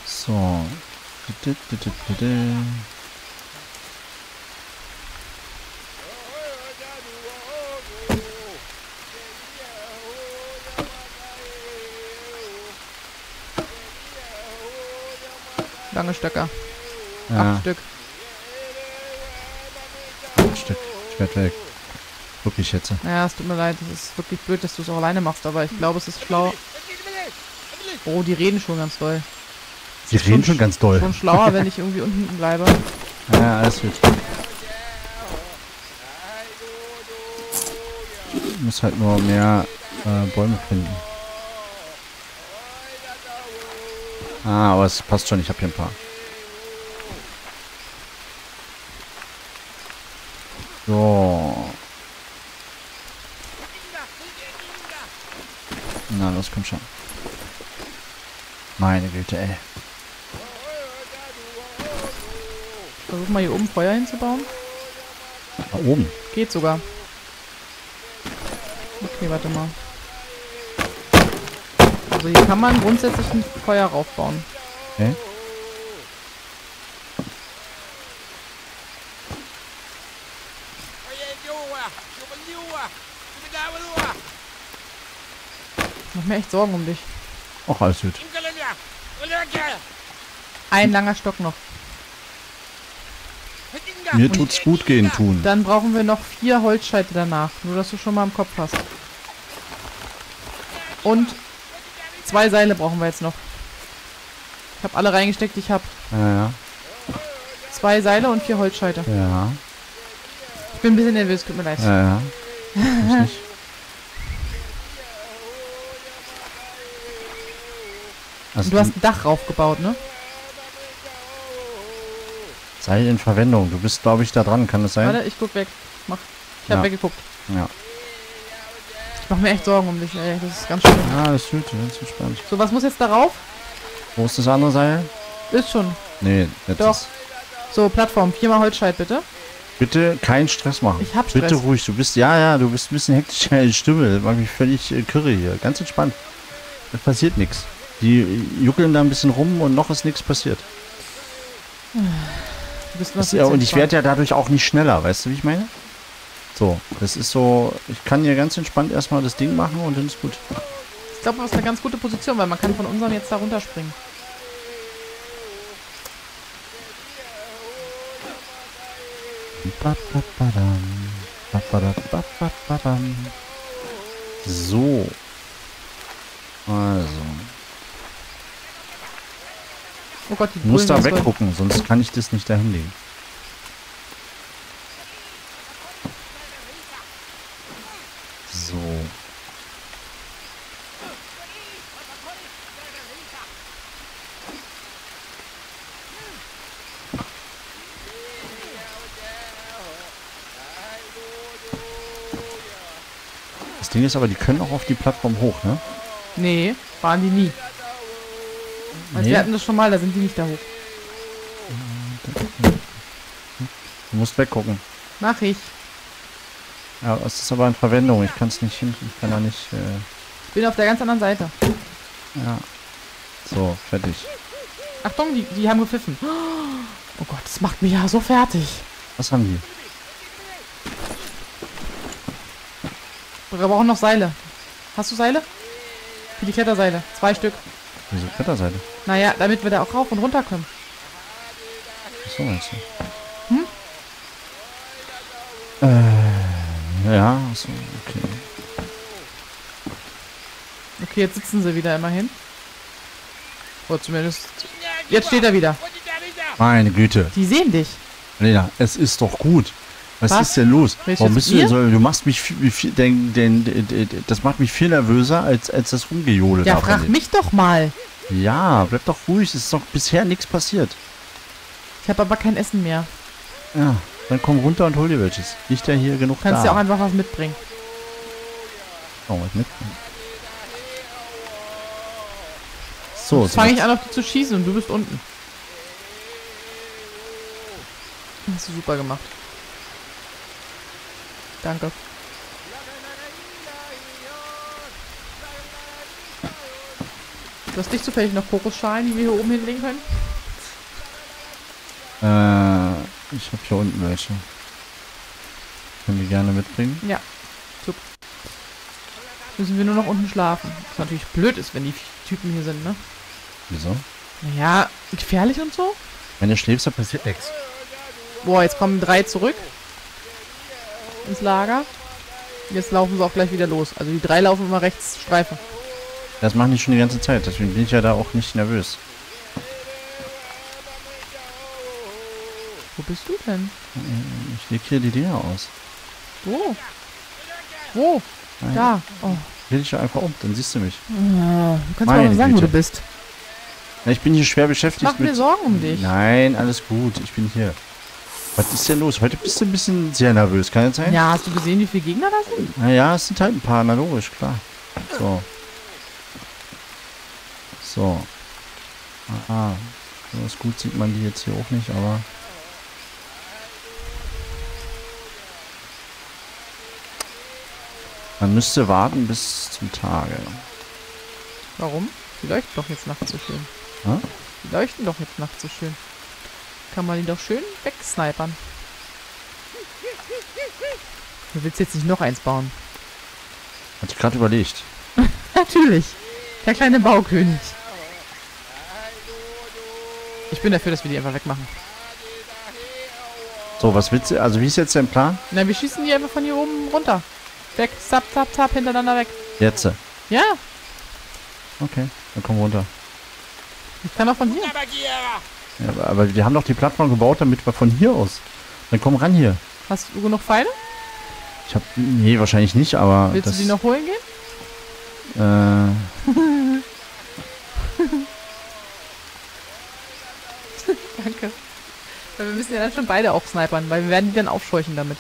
[SPEAKER 2] So.
[SPEAKER 1] Lange Stöcker. Ja. Acht Stück.
[SPEAKER 2] Acht Stück. Ich werde weg. Wirklich jetzt.
[SPEAKER 1] Ja, es tut mir leid. Es ist wirklich blöd, dass du es auch alleine machst, aber ich glaube, es ist schlau. Oh, die reden schon ganz doll.
[SPEAKER 2] Die reden schon, ganz doll. Schon schlauer, wenn
[SPEAKER 1] ich irgendwie unten bleibe.
[SPEAKER 2] Ja, alles wird. Ich muss halt nur mehr äh, Bäume finden. Ah, aber es passt schon. Ich habe hier ein paar. So. Na los, komm schon. Meine Güte, ey.
[SPEAKER 1] Versuch mal hier oben Feuer hinzubauen. Da oben? Geht sogar. Okay, warte mal. Also hier kann man grundsätzlich ein Feuer raufbauen. Okay. Ich mach mir echt Sorgen um dich. Ach, alles gut. Ein langer Stock noch.
[SPEAKER 2] Mir Und tut's gut gehen tun. Dann
[SPEAKER 1] brauchen wir noch vier Holzscheite danach. Nur, dass du schon mal im Kopf hast. Und Zwei Seile brauchen wir jetzt noch. Ich habe alle reingesteckt, die ich habe. Ja, ja. Zwei Seile und vier Holzscheiter. Ja. Ich bin ein bisschen nervös, tut mir leid. Ja, ja. also du hast ein Dach raufgebaut, ne?
[SPEAKER 2] Seil in Verwendung. Du bist, glaube ich, da dran. Kann das sein? Warte,
[SPEAKER 1] ich guck weg. Mach. Ich ja. habe weggeguckt. Ja. Ich mache mir echt Sorgen um dich, ey. Das ist ganz schön.
[SPEAKER 2] Ah, das fühlt sich ganz entspannt.
[SPEAKER 1] So, was muss jetzt darauf?
[SPEAKER 2] Wo ist das andere Seil? Ist schon. Nee, jetzt Doch. Ist.
[SPEAKER 1] So, Plattform. Viermal Holzscheit, bitte.
[SPEAKER 2] Bitte keinen Stress machen. Ich hab Stress. Bitte ruhig. Du bist, ja, ja, du bist ein bisschen hektisch. Deine Stimme das macht mich völlig äh, kirre hier. Ganz entspannt. Da passiert nichts. Die äh, juckeln da ein bisschen rum und noch ist nichts passiert.
[SPEAKER 1] Du bist noch ist, und ich werde
[SPEAKER 2] ja dadurch auch nicht schneller. Weißt du, wie ich meine? So, das ist so, ich kann hier ganz entspannt erstmal das Ding machen und dann ist gut.
[SPEAKER 1] Ich glaube, das ist eine ganz gute Position, weil man kann von unseren jetzt da runterspringen.
[SPEAKER 2] So. Also.
[SPEAKER 1] Oh Gott, die muss da weggucken, sonst
[SPEAKER 2] kann ich das nicht dahin legen. Ding ist aber, die können auch auf die Plattform hoch, ne?
[SPEAKER 1] Nee, waren die nie. Also wir hatten das schon mal, da sind die nicht da hoch.
[SPEAKER 2] Du musst weggucken. Mach ich. Ja, es ist aber in Verwendung, ich kann es nicht hin, ich kann da nicht... Äh
[SPEAKER 1] bin auf der ganz anderen Seite.
[SPEAKER 2] Ja. So, fertig.
[SPEAKER 1] Achtung, die, die haben gepfiffen. Oh Gott, das macht mich ja so fertig.
[SPEAKER 2] Was haben die?
[SPEAKER 1] Wir brauchen noch Seile. Hast du Seile? Für die Kletterseile. Zwei Stück.
[SPEAKER 2] Wieso Kletterseile?
[SPEAKER 1] Naja, damit wir da auch rauf und runter können. Achso, meinst du? Hm?
[SPEAKER 2] Äh, ja, achso, okay.
[SPEAKER 1] Okay, jetzt sitzen sie wieder immerhin. Oder zumindest... Jetzt steht er wieder.
[SPEAKER 2] Meine Güte. Die sehen dich. Lena, es ist doch gut. Was, Was, ist denn los? Warum bist du denn so? Du machst mich viel, viel denn, denn, denn, das macht mich viel nervöser als, als das Rumgejohle. Ja, frag mich
[SPEAKER 1] doch mal.
[SPEAKER 2] Ja, bleib doch ruhig. Es ist doch bisher nichts passiert.
[SPEAKER 1] Ich habe aber kein Essen mehr.
[SPEAKER 2] Ja, dann komm runter und hol dir welches. Ich der hier genug Kannst da. Kannst du auch
[SPEAKER 1] einfach was mitbringen.
[SPEAKER 2] Oh, was mitbringen?
[SPEAKER 1] So, Jetzt fange ich an, auf dich zu schießen und du bist unten. Hast du super gemacht. Danke. Du hast nicht zufällig noch Kokosschalen, die wir hier oben hinlegen können?
[SPEAKER 2] Äh, ich habe hier unten welche. Können wir gerne mitbringen?
[SPEAKER 1] Ja. Super. Müssen wir nur noch unten schlafen. Was natürlich blöd ist, wenn die Typen hier sind, ne? Wieso? Naja, gefährlich und so?
[SPEAKER 2] Wenn du schläfst, dann passiert nichts.
[SPEAKER 1] Boah, jetzt kommen drei zurück ins Lager. Jetzt laufen sie auch gleich wieder los. Also die drei laufen immer rechts Streife.
[SPEAKER 2] Das machen die schon die ganze Zeit, deswegen bin ich ja da auch nicht nervös.
[SPEAKER 1] Wo bist du denn?
[SPEAKER 2] Ich lege hier die Dinger aus.
[SPEAKER 1] Wo? Wo? Nein. Da. Oh.
[SPEAKER 2] Dreh dich einfach um, dann siehst du mich. Ja, du kannst Meine mir sagen, Güte. wo du bist. ich bin hier schwer beschäftigt. Mach mir Sorgen um dich. Nein, alles gut. Ich bin hier. Was ist denn los? Heute bist du ein bisschen sehr nervös, kann das sein? Ja, hast du gesehen,
[SPEAKER 1] wie viele Gegner da sind?
[SPEAKER 2] Naja, es sind halt ein paar, na logisch, klar. So. So. Aha. Besonders gut sieht man die jetzt hier auch nicht, aber... Man müsste warten bis zum Tage.
[SPEAKER 1] Warum? Die leuchten doch jetzt nachts so schön. Hä? Die leuchten doch jetzt nachts so schön kann man ihn doch schön wegsnipern. Du willst jetzt nicht noch eins bauen.
[SPEAKER 2] Hat ich gerade überlegt.
[SPEAKER 1] Natürlich. Der kleine Baukönig. Ich bin dafür, dass wir die einfach wegmachen.
[SPEAKER 2] So, was willst du? Also wie ist jetzt dein Plan?
[SPEAKER 1] Na, wir schießen die einfach von hier oben runter. Weg, zap, zap, zap, hintereinander weg. Jetzt? Ja.
[SPEAKER 2] Okay, dann komm runter. Ich kann auch von hier. Ja, aber wir haben doch die Plattform gebaut, damit wir von hier aus. Dann komm ran hier.
[SPEAKER 1] Hast du genug Pfeile?
[SPEAKER 2] Ich hab. Nee, wahrscheinlich nicht, aber. Willst das, du die noch
[SPEAKER 1] holen gehen? Äh. Danke. Weil wir müssen ja dann schon beide auch snipern, weil wir werden die dann aufscheuchen damit.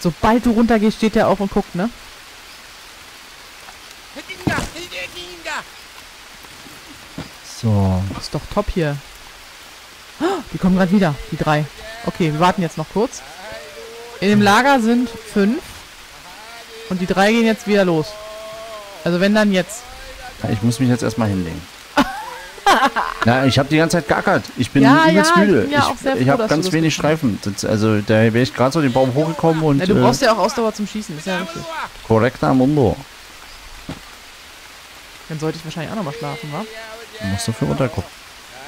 [SPEAKER 1] Sobald du runtergehst, steht der auf und guckt, ne? So. Ist doch top hier. Die kommen gerade wieder, die drei. Okay, wir warten jetzt noch kurz. In dem Lager sind fünf. Und die drei gehen jetzt wieder los. Also wenn dann jetzt.
[SPEAKER 2] Ich muss mich jetzt erstmal hinlegen. Na, ich habe die ganze Zeit gackert. Ich bin ja, übelst ja, müde. Ich, ja ich, habe ganz wenig Streifen. Das, also da wäre ich gerade so den Baum hochgekommen und. Ja, du brauchst äh, ja
[SPEAKER 1] auch Ausdauer zum Schießen, ist ja richtig.
[SPEAKER 2] Korrekter Mundo.
[SPEAKER 1] Dann sollte ich wahrscheinlich auch nochmal schlafen, wa?
[SPEAKER 2] Du Musst dafür runterkommen.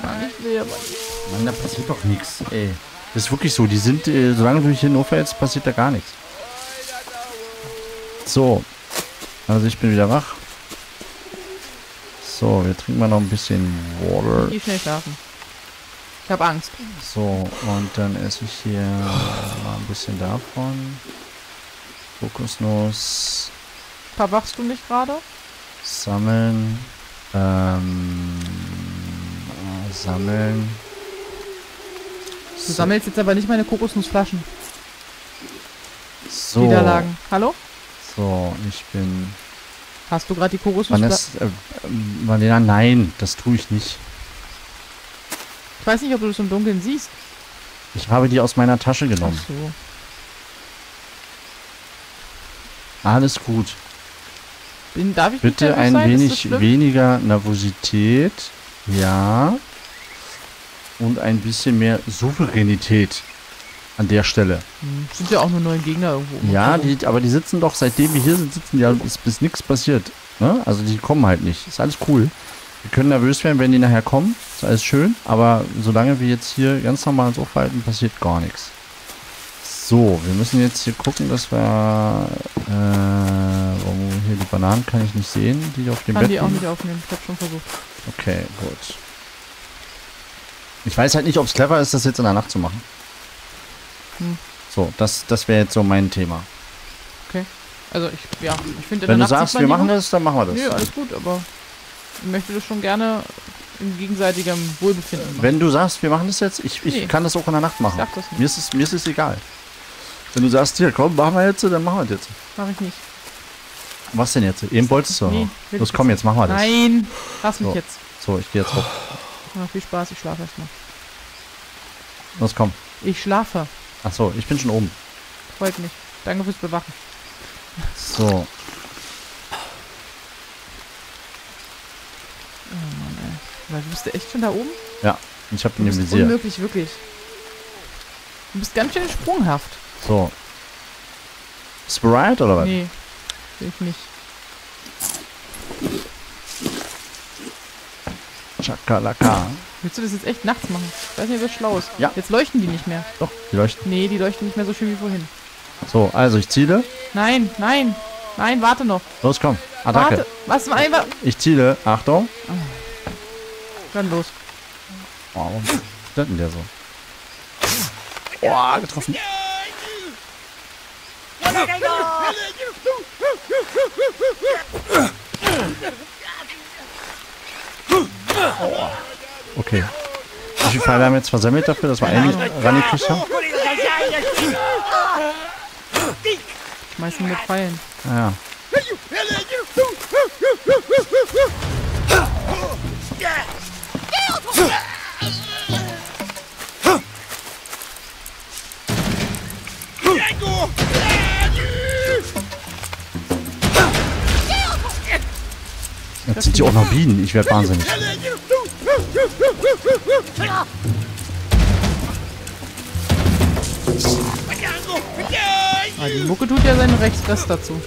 [SPEAKER 1] Mann, ich will ja mal.
[SPEAKER 2] Mann, da passiert doch nichts, ey. Das ist wirklich so. Die sind, äh, solange du dich hier aufhältst, passiert da gar nichts. So. Also ich bin wieder wach. So, wir trinken mal noch ein bisschen Water. Ich schnell
[SPEAKER 1] schlafen. Ich habe Angst.
[SPEAKER 2] So, und dann esse ich hier mal ein bisschen davon. Fokusnuss.
[SPEAKER 1] Verwachst du mich gerade?
[SPEAKER 2] Sammeln. Ähm sammeln.
[SPEAKER 1] Du so. sammelst jetzt aber nicht meine Kokosnussflaschen.
[SPEAKER 2] So. Niederlagen. Hallo? So, ich bin...
[SPEAKER 1] Hast du gerade die Kokosnussflaschen?
[SPEAKER 2] Äh, Marlena, nein, das tue ich nicht.
[SPEAKER 1] Ich weiß nicht, ob du das im Dunkeln siehst.
[SPEAKER 2] Ich habe die aus meiner Tasche genommen. Ach so. Alles gut.
[SPEAKER 1] Bin, darf ich Bitte ein sein? wenig
[SPEAKER 2] weniger Nervosität. Ja und ein bisschen mehr Souveränität an der Stelle.
[SPEAKER 1] Mhm. Sind ja auch nur neue Gegner irgendwo. Ja,
[SPEAKER 2] die, aber die sitzen doch, seitdem wir hier sind, sitzen die halt, ist bis nichts passiert. Ne? Also die kommen halt nicht. Ist alles cool. Wir können nervös werden, wenn die nachher kommen. Ist alles schön. Aber solange wir jetzt hier ganz normal uns aufhalten, passiert gar nichts. So, wir müssen jetzt hier gucken, dass wir... Äh, warum hier die Bananen kann ich nicht sehen, die auf dem Kann Bett die auch nicht aufnehmen. Ich hab schon versucht. Okay, gut. Ich weiß halt nicht, ob es clever ist, das jetzt in der Nacht zu machen. Hm. So, das, das wäre jetzt so mein Thema.
[SPEAKER 1] Okay. Also ich, ja, ich finde Wenn du sagst, wir machen das, dann machen wir das. Nö, alles gut, aber ich möchte das schon gerne im gegenseitigem Wohlbefinden machen.
[SPEAKER 2] Wenn du sagst, wir machen das jetzt, ich, ich nee. kann das auch in der Nacht machen. Ich Mir ist es, mir ist es egal. Wenn du sagst, hier, komm, machen wir jetzt, dann machen wir das jetzt. Mach ich nicht. Was denn jetzt? Eben wolltest du. Nee, Los, komm, jetzt machen wir das. Nein, lass mich so. jetzt. So, ich gehe jetzt hoch.
[SPEAKER 1] Na, viel Spaß, ich schlafe erstmal. Los, komm. Ich schlafe.
[SPEAKER 2] Ach so, ich bin schon oben.
[SPEAKER 1] Freut mich. Danke fürs Bewachen. So. Oh Mann, ey. Weil du bist ja echt schon da oben? Ja, ich hab den im Visier. Unmöglich, wirklich. Du bist ganz schön sprunghaft.
[SPEAKER 2] So. Sprite oder was?
[SPEAKER 1] Nee, ich nicht.
[SPEAKER 2] Chakalaka.
[SPEAKER 1] Willst du das jetzt echt nachts machen? Ich weiß nicht, ob das schlau ist. Ja. Jetzt leuchten die nicht mehr. Doch, die leuchten. Nee, die leuchten nicht mehr so schön wie vorhin.
[SPEAKER 2] So, also ich ziele.
[SPEAKER 1] Nein, nein, nein, warte noch.
[SPEAKER 2] Los, komm. Attacke. Warte, was war einfach. Ich ziele. Achtung.
[SPEAKER 1] Ah. Dann los.
[SPEAKER 2] Oh, warum denn der so?
[SPEAKER 1] Boah, getroffen.
[SPEAKER 2] Oh. Okay. Wie viele Pfeile haben wir jetzt versammelt dafür, dass wir einen rangekriegt haben?
[SPEAKER 1] Schmeißen mit Pfeilen. Ah, ja. Yeah!
[SPEAKER 2] Jetzt sind hier auch noch Bienen. Ich werde wahnsinnig.
[SPEAKER 1] Ah, die Mucke tut ja sein Rechtsrest dazu.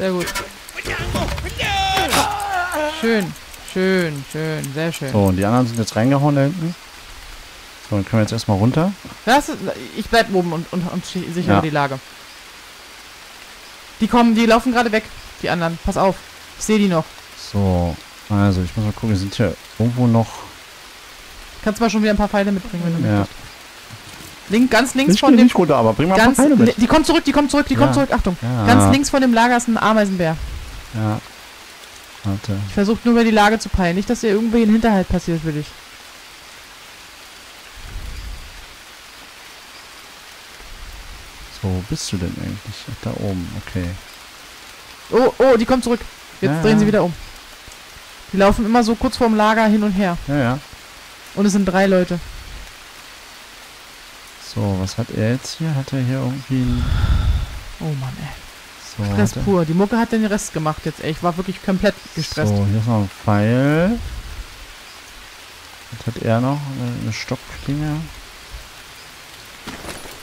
[SPEAKER 1] Sehr gut. Schön. Schön, schön, sehr schön. So, und
[SPEAKER 2] die anderen sind jetzt reingehauen da hinten. So, dann können wir jetzt erstmal runter.
[SPEAKER 1] Das ist, ich bleib oben und, und, und sichere ja. die Lage. Die kommen, die laufen gerade weg, die anderen. Pass auf. Ich sehe die noch.
[SPEAKER 2] So, also ich muss mal gucken, sind hier irgendwo noch.
[SPEAKER 1] Kannst du mal schon wieder ein paar Pfeile mitbringen, wenn du ja. möchtest. Link, ganz links ich von dem. Nicht
[SPEAKER 2] runter, aber bring mal ganz, mit. Die kommt
[SPEAKER 1] zurück, die kommt zurück, die ja. kommt zurück. Achtung. Ja. Ganz links von dem Lager ist ein Ameisenbär.
[SPEAKER 2] Ja. Warte. Ich
[SPEAKER 1] versuche nur über die Lage zu peilen. Nicht, dass ihr irgendwie ein Hinterhalt passiert, will ich.
[SPEAKER 2] So, wo bist du denn eigentlich? Ach, da oben, okay.
[SPEAKER 1] Oh, oh, die kommt zurück. Jetzt ja, drehen sie wieder um. Die laufen immer so kurz vorm Lager hin und her. Ja, ja. Und es sind drei Leute.
[SPEAKER 2] So, was hat er jetzt hier? Hat er hier irgendwie einen... Oh Mann, ey. So, Stress
[SPEAKER 1] pur. Die Mucke hat den Rest gemacht jetzt, ey. Ich war wirklich komplett gestresst. So, hier
[SPEAKER 2] ist noch ein Pfeil. Was hat er noch? Eine Stockklinge.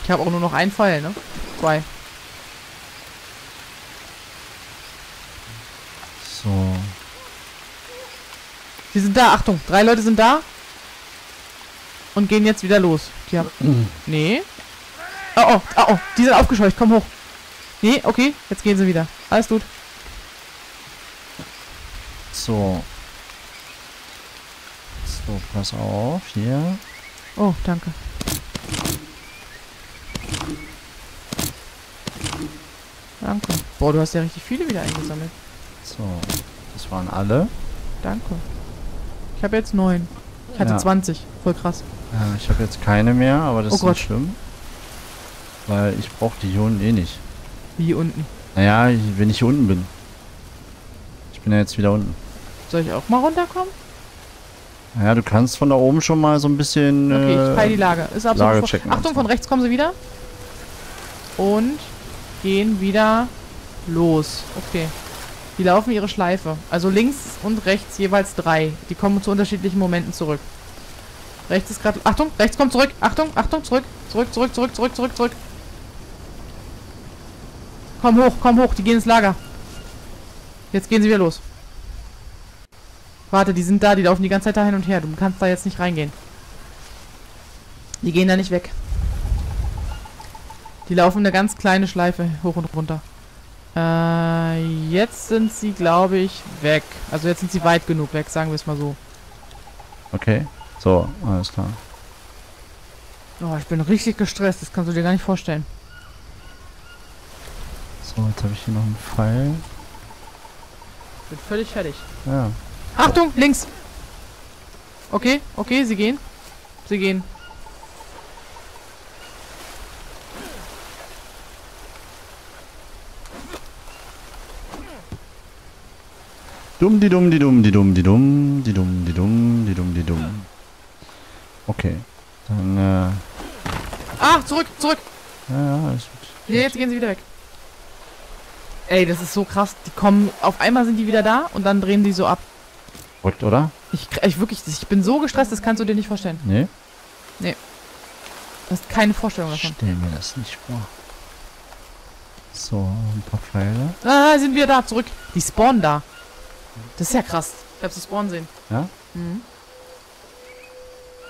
[SPEAKER 1] Ich habe auch nur noch einen Pfeil, ne? Zwei. So. Die sind da, Achtung, drei Leute sind da und gehen jetzt wieder los. Die haben. Mhm. Nee. Oh, oh, oh, oh. Die sind aufgescheucht. Komm hoch. Nee, okay. Jetzt gehen sie wieder. Alles gut.
[SPEAKER 2] So. So, pass auf. Hier.
[SPEAKER 1] Oh, danke. Danke. Boah, du hast ja richtig viele wieder eingesammelt.
[SPEAKER 2] So. Das waren alle.
[SPEAKER 1] Danke. Ich habe jetzt neun. Ich hatte ja. 20. Voll krass.
[SPEAKER 2] Ja, äh, ich habe jetzt keine mehr, aber das oh ist Gott. nicht schlimm. Weil ich brauche die hier unten eh nicht. Wie unten? Naja, ich, wenn ich hier unten bin. Ich bin ja jetzt wieder unten.
[SPEAKER 1] Soll ich auch mal runterkommen?
[SPEAKER 2] Naja, du kannst von da oben schon mal so ein bisschen. Okay, äh, ich peile die Lage. Ist absolut Lage checken Achtung,
[SPEAKER 1] von rechts kommen sie wieder. Und gehen wieder los. Okay. Die laufen ihre Schleife. Also links und rechts jeweils drei. Die kommen zu unterschiedlichen Momenten zurück. Rechts ist gerade... Achtung, rechts kommt zurück. Achtung, Achtung, zurück. Zurück, zurück, zurück, zurück, zurück, zurück. Komm hoch, komm hoch. Die gehen ins Lager. Jetzt gehen sie wieder los. Warte, die sind da. Die laufen die ganze Zeit da hin und her. Du kannst da jetzt nicht reingehen. Die gehen da nicht weg. Die laufen eine ganz kleine Schleife hoch und runter. Äh, jetzt sind sie, glaube ich, weg. Also jetzt sind sie weit genug weg, sagen wir es mal so.
[SPEAKER 2] Okay. So, alles klar.
[SPEAKER 1] Oh, ich bin richtig gestresst, das kannst du dir gar nicht vorstellen.
[SPEAKER 2] So, jetzt habe ich hier noch einen Pfeil.
[SPEAKER 1] Ich Bin völlig fertig. Ja. Achtung, links! Okay, okay, sie gehen. Sie gehen.
[SPEAKER 2] Dumm die dumm die dumm die dumm die dumm die dumm die dumm die dumm die dumm. Okay. Dann äh
[SPEAKER 1] Ah, zurück, zurück. Ja, ja, alles gut. Ja, jetzt gehen sie wieder weg. Ey, das ist so krass. Die kommen auf einmal sind die wieder da und dann drehen die so ab. Verrückt, oder? Ich, ich wirklich, ich bin so gestresst, das kannst du dir nicht vorstellen. Nee. Nee. Du hast keine Vorstellung davon.
[SPEAKER 2] Stell mir das nicht vor. So, ein paar Pfeile.
[SPEAKER 1] Ah, sind wir da, zurück. Die spawnen da. Das ist ja krass. Ich hab's Spawn sehen. Ja? Mhm.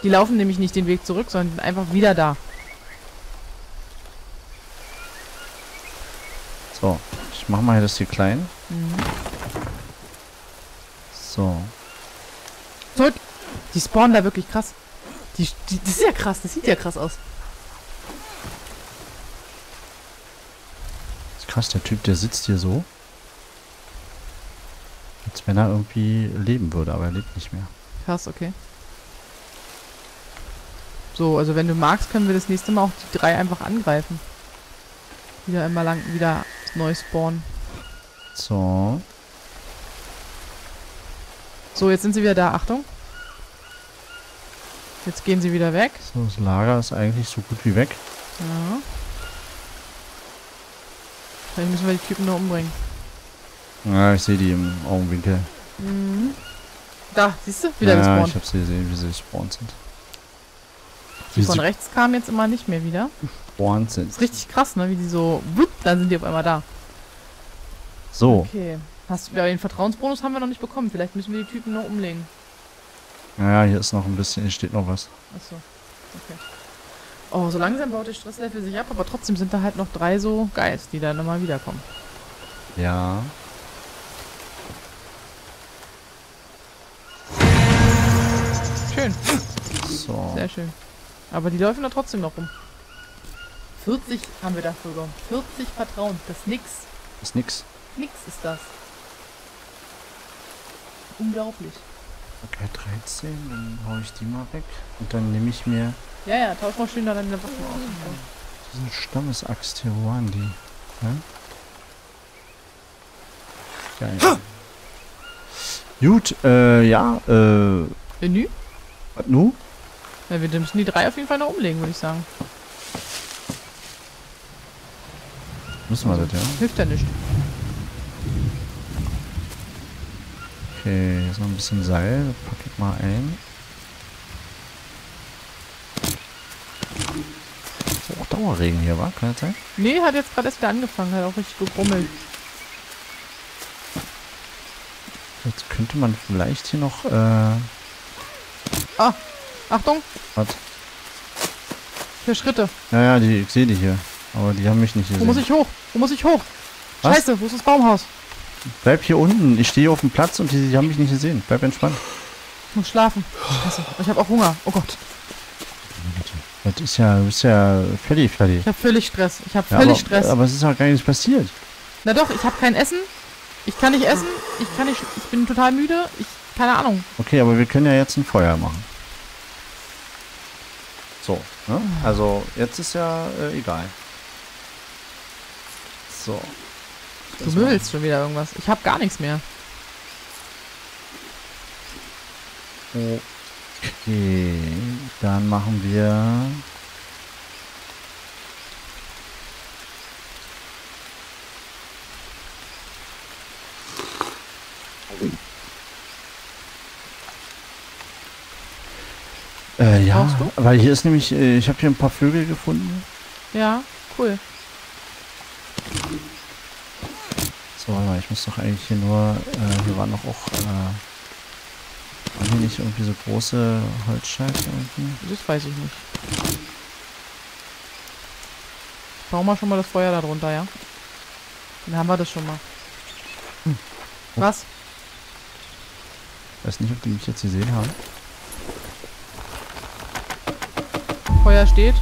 [SPEAKER 1] Die laufen nämlich nicht den Weg zurück, sondern sind einfach wieder da.
[SPEAKER 2] So, ich mach mal das hier klein. Mhm. So.
[SPEAKER 1] Zurück! Die spawnen da wirklich krass. Die, die, das ist ja krass, das sieht ja krass aus.
[SPEAKER 2] Das ist krass, der Typ, der sitzt hier so als wenn er irgendwie leben würde, aber er lebt nicht mehr.
[SPEAKER 1] Krass, okay. So, also wenn du magst, können wir das nächste Mal auch die drei einfach angreifen. Wieder immer lang, wieder neu spawnen.
[SPEAKER 2] So.
[SPEAKER 1] So, jetzt sind sie wieder da. Achtung. Jetzt gehen sie wieder weg.
[SPEAKER 2] So, das Lager ist eigentlich so gut wie weg.
[SPEAKER 1] Ja. Vielleicht müssen wir die Typen nur umbringen.
[SPEAKER 2] Ja, ich sehe die im Augenwinkel.
[SPEAKER 1] Mhm. Da, siehst du? Wieder ja, gespawnt.
[SPEAKER 2] Ja, ich sie gesehen, wie sie gespawnt sind.
[SPEAKER 1] Die von rechts kamen jetzt immer nicht mehr wieder.
[SPEAKER 2] Gespawnt sind. Ist
[SPEAKER 1] richtig krass, ne? Wie die so, wupp, dann sind die auf einmal da. So. Okay. Hast du, ja, den Vertrauensbonus haben wir noch nicht bekommen. Vielleicht müssen wir die Typen noch umlegen.
[SPEAKER 2] Naja, hier ist noch ein bisschen, hier steht noch was.
[SPEAKER 1] Achso. Okay. Oh, so langsam baut der Stresslevel sich ab, aber trotzdem sind da halt noch drei so Geist, die dann immer wiederkommen. Ja. Schön. So. Sehr schön. Aber die laufen da trotzdem noch rum. 40 haben wir dafür bekommen. 40 Vertrauen. Das ist nix. Das ist nix. Nix ist das. Unglaublich.
[SPEAKER 2] Okay, 13, dann hau ich die mal weg. Und dann nehme ich mir.
[SPEAKER 1] Ja, ja, tausch mal schön da deine Waffen aus.
[SPEAKER 2] Diesen Stammesaxt hier, wo waren die? Ja? Geil. Gut, äh, ja, äh. Menü? Was nu?
[SPEAKER 1] Ja, wir müssen die drei auf jeden Fall noch umlegen, würde ich sagen. Müssen wir also, das, ja? Hilft ja nicht.
[SPEAKER 2] Okay, jetzt noch ein bisschen Seil. pack ich mal ein. Ist auch oh, Dauerregen hier, war? Keine Zeit?
[SPEAKER 1] Nee, hat jetzt gerade erst wieder angefangen. Hat auch richtig gebrummelt.
[SPEAKER 2] Jetzt könnte man vielleicht hier noch äh,
[SPEAKER 1] Ah! Achtung! Was? Vier Schritte.
[SPEAKER 2] Ja, ja, die, ich sehe die hier. Aber die haben mich nicht gesehen. Wo muss ich
[SPEAKER 1] hoch? Wo muss ich hoch? Was? Scheiße, wo ist das Baumhaus?
[SPEAKER 2] Bleib hier unten. Ich stehe auf dem Platz und die, die haben mich nicht gesehen. Bleib entspannt.
[SPEAKER 1] Ich muss schlafen. Scheiße. Ich habe auch Hunger. Oh Gott.
[SPEAKER 2] Das ist ja, du bist ja völlig fertig. Ich habe völlig Stress. Ich habe ja, völlig aber, Stress. Aber es ist auch gar nichts passiert.
[SPEAKER 1] Na doch, ich habe kein Essen. Ich kann nicht essen. Ich kann nicht. Ich bin total müde. Ich keine Ahnung.
[SPEAKER 2] Okay, aber wir können ja jetzt ein Feuer machen. So, ne? Also jetzt ist ja äh, egal. So.
[SPEAKER 1] Du müllst schon wieder irgendwas. Ich habe gar nichts mehr.
[SPEAKER 2] Okay, dann machen wir Äh, ja, weil hier ist nämlich, äh, ich habe hier ein paar Vögel gefunden.
[SPEAKER 1] Ja, cool.
[SPEAKER 2] So, warte mal, ich muss doch eigentlich hier nur, äh, hier waren doch auch, äh, waren hier nicht irgendwie so große Holzscheiße irgendwie?
[SPEAKER 1] Das weiß ich nicht. Ich baue mal schon mal das Feuer da drunter, ja? Dann haben wir das schon mal.
[SPEAKER 2] Hm. Was? Ich weiß nicht, ob die mich jetzt gesehen haben.
[SPEAKER 1] Feuer steht.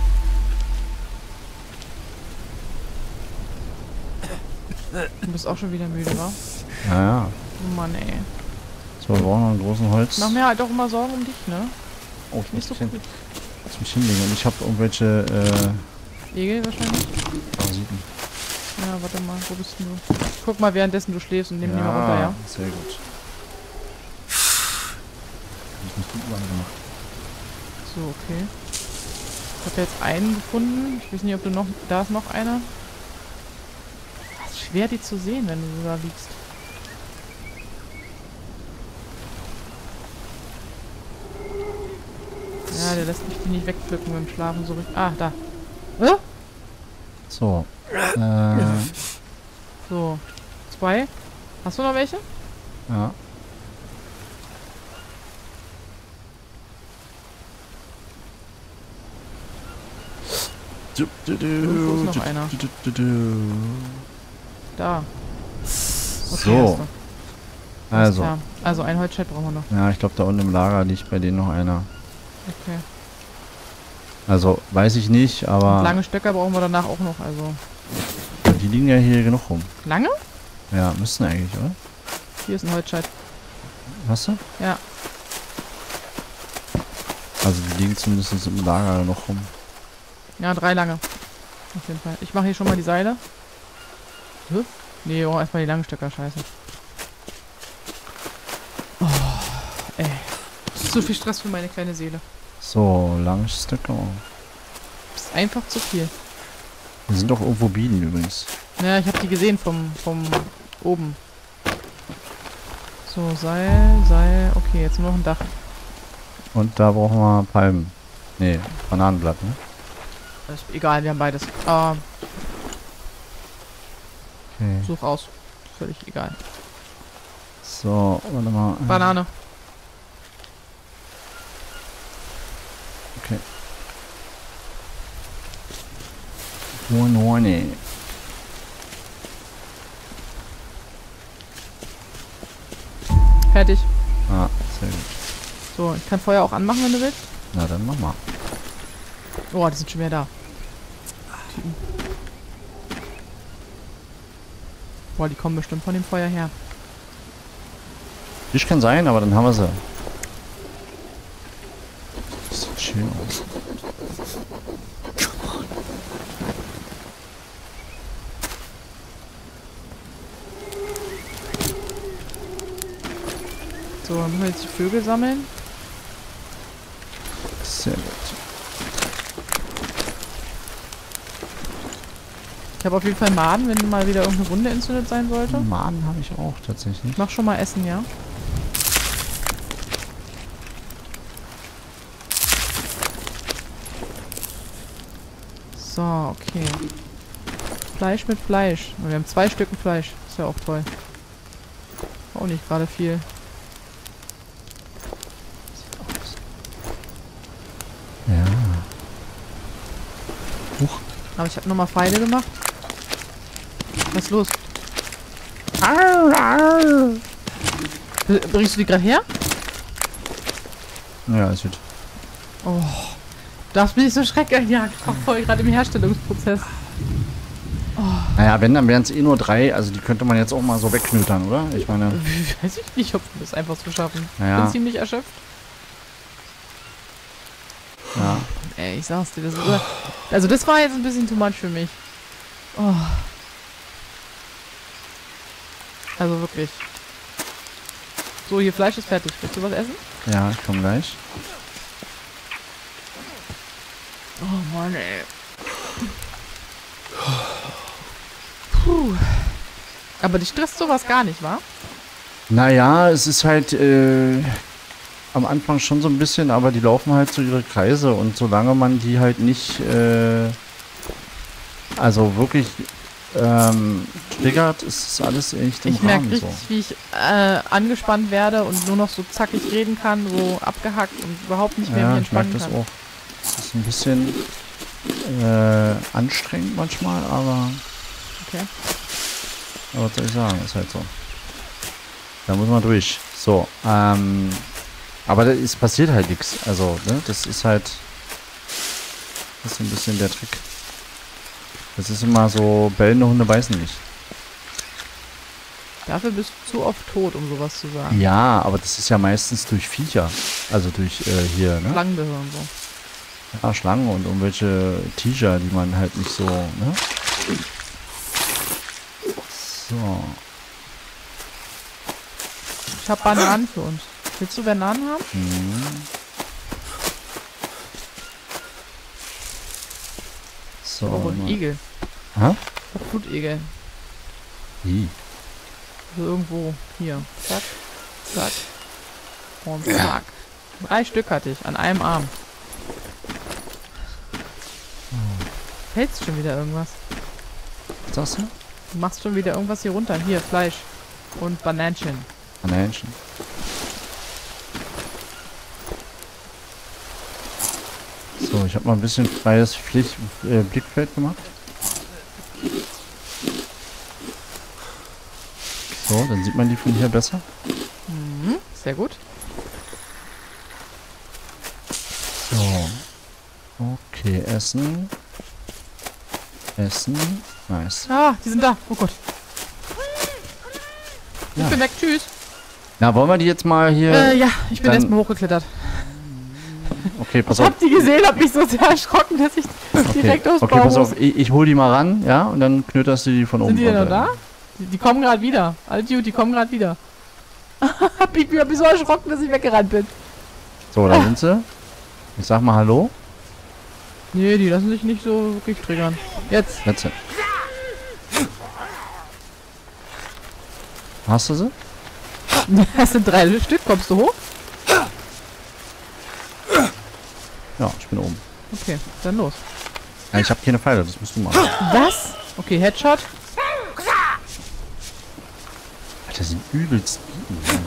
[SPEAKER 1] Du bist auch schon wieder müde, wa? Ja, ja. Oh Mann, ey.
[SPEAKER 2] So, wir brauchen noch einen großen Holz. Mach
[SPEAKER 1] mir halt auch immer Sorgen um dich, ne? Oh, ich muss, so hin. gut.
[SPEAKER 2] mich hinlegen und ich habe irgendwelche, äh...
[SPEAKER 1] Egel wahrscheinlich? Parasiten. Ja, warte mal, wo bist denn du? guck mal, währenddessen du schläfst und nimm ja, die mal runter, ja?
[SPEAKER 2] sehr gut. Hab ich nicht gut gemacht.
[SPEAKER 1] So, okay. Ich habe jetzt einen gefunden. Ich weiß nicht, ob du noch... Da ist noch einer. Es ist schwer, die zu sehen, wenn du so da liegst. Ja, der lässt mich die nicht wegpflücken beim Schlafen so richtig. Ah, da. Hä?
[SPEAKER 2] So. Äh.
[SPEAKER 1] So. Zwei. Hast du noch welche?
[SPEAKER 2] Ja. Du, ist noch
[SPEAKER 1] einer? Da. Okay, so. Also. Also ein Holzschild brauchen wir noch. Ja,
[SPEAKER 2] ich glaube da unten im Lager liegt bei denen noch einer. Okay. Also, weiß ich nicht, aber... Und lange
[SPEAKER 1] Stöcker brauchen wir danach auch noch, also...
[SPEAKER 2] Die liegen ja hier genug rum. Lange? Ja, müssten eigentlich, oder? Hier ist ein Holzscheit. Hast du? Ja. Also die liegen zumindest im Lager noch rum.
[SPEAKER 1] Ja, drei lange. Auf jeden Fall. Ich mache hier schon mal die Seile. Hä? Nee, oh, erstmal die langen Stöcker, scheiße. Oh, ey. Das ist zu viel Stress für meine kleine Seele.
[SPEAKER 2] So, lange Stöcker.
[SPEAKER 1] Das ist einfach zu viel.
[SPEAKER 2] Wir sind doch irgendwo Bienen übrigens.
[SPEAKER 1] Naja, ich habe die gesehen vom, vom oben. So, Seil, Seil. Okay, jetzt nur noch ein Dach.
[SPEAKER 2] Und da brauchen wir Palmen. Nee, Bananenblatt, ne?
[SPEAKER 1] Ist egal, wir haben beides. Ähm. Okay. Such aus. Völlig egal.
[SPEAKER 2] So, warte mal. Banane. Okay. Banane. Fertig. Ah, sehr gut.
[SPEAKER 1] So, ich kann Feuer auch anmachen, wenn du willst. Na, dann mach mal. Oh, die sind schon wieder da. Boah, die kommen bestimmt von dem Feuer her.
[SPEAKER 2] Ich kann sein, aber dann haben wir sie. Das sieht schön aus.
[SPEAKER 1] So, dann müssen wir jetzt die Vögel sammeln. Sehr gut. Ich habe auf jeden Fall Maden, wenn mal wieder irgendeine Wunde entzündet sein sollte. Maden habe ich auch tatsächlich. Ich mach schon mal Essen, ja? So, okay. Fleisch mit Fleisch. Wir haben zwei Stücken Fleisch. Ist ja auch toll. Auch nicht gerade viel. Ja. Huch. Aber ich habe nochmal Pfeile gemacht. Was ist los? Bringst du die gerade her? Ja, ist gut. Oh, darfst mich nicht so schreckeinjagt. Ich war voll gerade im Herstellungsprozess.
[SPEAKER 2] Oh. Naja, wenn, dann wären es eh nur drei. Also die könnte man jetzt auch mal so wegknütern, oder? Ich meine...
[SPEAKER 1] Weiß ich nicht, ob wir das einfach so schaffen. Naja. Ich bin ziemlich erschöpft. Ja. Ey, ich sag's dir, das ist... Also das war jetzt ein bisschen too much für mich. Oh. Also wirklich. So, hier Fleisch ist fertig. Willst du was essen?
[SPEAKER 2] Ja, ich komm gleich.
[SPEAKER 1] Oh Mann, ey. Puh. Aber dich stresst sowas gar nicht, wa?
[SPEAKER 2] Naja, es ist halt äh, am Anfang schon so ein bisschen, aber die laufen halt so ihre Kreise und solange man die halt nicht äh, also wirklich ähm, triggert, ist alles echt im Ich merke richtig, so.
[SPEAKER 1] wie ich äh, angespannt werde und nur noch so zackig reden kann, so abgehackt und überhaupt nicht mehr ja, mich entspannen ich merke das auch.
[SPEAKER 2] Das ist ein bisschen äh, anstrengend manchmal, aber... Okay. Aber was soll ich sagen, ist halt so. Da muss man durch. So, ähm... Aber es passiert halt nichts. Also, ne, das ist halt... Das ist ein bisschen der Trick. Das ist immer so, bellende Hunde beißen nicht.
[SPEAKER 1] Dafür bist du zu oft tot, um sowas zu sagen.
[SPEAKER 2] Ja, aber das ist ja meistens durch Viecher. Also durch äh, hier, ne?
[SPEAKER 1] Schlangenbehör und so.
[SPEAKER 2] Ja, Schlangen und irgendwelche Tiger, die man halt nicht so, ne?
[SPEAKER 1] So. Ich hab Bananen für uns. Willst du Bananen haben?
[SPEAKER 2] Mhm. So. Oh, ein Igel. Hä? Blutegel. Wie?
[SPEAKER 1] Also irgendwo hier. Zack. Zack. Und zack. Drei Stück hatte ich an einem Arm. Hm. schon wieder irgendwas? Was sagst du? Du machst schon wieder irgendwas hier runter. Hier, Fleisch. Und Bananchen.
[SPEAKER 2] Bananchen. So, ich habe mal ein bisschen freies Pflicht, äh, Blickfeld gemacht. So, dann sieht man die von hier besser. Mhm, sehr gut. So. Okay, Essen. Essen. Nice.
[SPEAKER 1] Ah, die sind da. Oh Gott. Ja. Ich bin weg. Tschüss.
[SPEAKER 2] Na, wollen wir die jetzt mal hier... Äh, ja, ich bin erstmal hochgeklettert. Okay, pass auf. Ich hab
[SPEAKER 1] die gesehen, hab mich so sehr erschrocken, dass ich okay. direkt aufs Okay, pass auf,
[SPEAKER 2] ich, ich hol die mal ran, ja, und dann knöterst du die von oben Sind die denn
[SPEAKER 1] da? Die, die kommen gerade wieder. All die kommen gerade wieder. ich bin, bin so erschrocken, dass ich weggerannt bin.
[SPEAKER 2] So, da sind sie. Ich sag mal Hallo.
[SPEAKER 1] Nee, die lassen sich nicht so wirklich triggern.
[SPEAKER 2] Jetzt. Jetzt. Hast du sie?
[SPEAKER 1] das sind drei Stück. Kommst du hoch? Ja, ich bin oben. Okay, dann los.
[SPEAKER 2] Ja, ich habe keine Pfeile, das musst du machen.
[SPEAKER 1] Was? Okay, Headshot.
[SPEAKER 2] Alter, sind übelst bieten.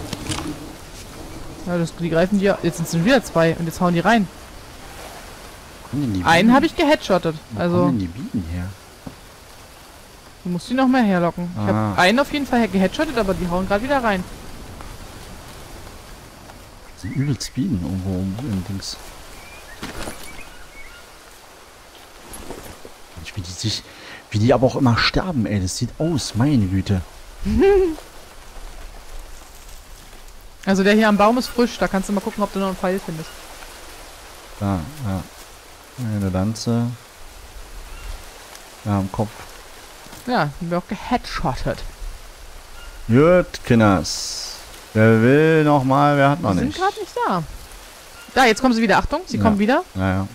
[SPEAKER 1] Ja, das, die greifen dir. Jetzt sind es wieder zwei und jetzt hauen die rein.
[SPEAKER 2] Die Einen habe ich geheadshottet. Wo also. kommen denn die Bienen her?
[SPEAKER 1] Du musst die noch mehr herlocken. Ah. Ich habe einen auf jeden Fall geheadshottet, aber die hauen gerade wieder rein.
[SPEAKER 2] Das sind übelst Bienen irgendwo im Dings. Ich Wie die sich, wie die aber auch immer sterben, ey. Das sieht aus, meine Güte.
[SPEAKER 1] Also der hier am Baum ist frisch, da kannst du mal gucken, ob du noch einen Pfeil findest.
[SPEAKER 2] Da, ja. Eine Lanze. Ja, am Kopf.
[SPEAKER 1] Ja, haben wir auch geheadshottet.
[SPEAKER 2] Jut, Kinders. Wer will noch mal, wer hat noch nicht?
[SPEAKER 1] Wir sind gerade nicht da. Da, jetzt kommen sie wieder. Achtung, sie ja. kommen wieder. Ja, ja.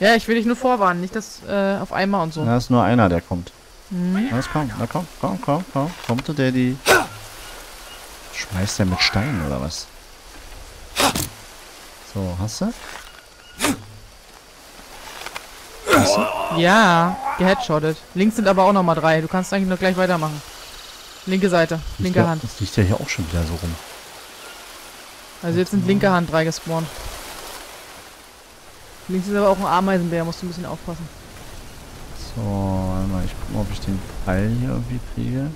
[SPEAKER 1] Ja, ich will dich nur vorwarnen, nicht dass äh, auf einmal und so. Da
[SPEAKER 2] ist nur einer, der kommt. Mhm. Los, komm, na komm, komm, komm, komm. Kommt der Daddy. Schmeißt der mit Steinen oder was? So, hast du? Hast
[SPEAKER 1] du? Ja, geheadshottet. Links sind aber auch nochmal drei. Du kannst eigentlich nur gleich weitermachen. Linke Seite, linke Hand.
[SPEAKER 2] Das liegt ja hier auch schon wieder so rum.
[SPEAKER 1] Also jetzt sind mhm. linke Hand drei gespawnt. Links ist aber auch ein Ameisenbär, musst du ein bisschen aufpassen.
[SPEAKER 2] So, warte mal, ich guck mal, ob ich den Pfeil hier irgendwie kriege.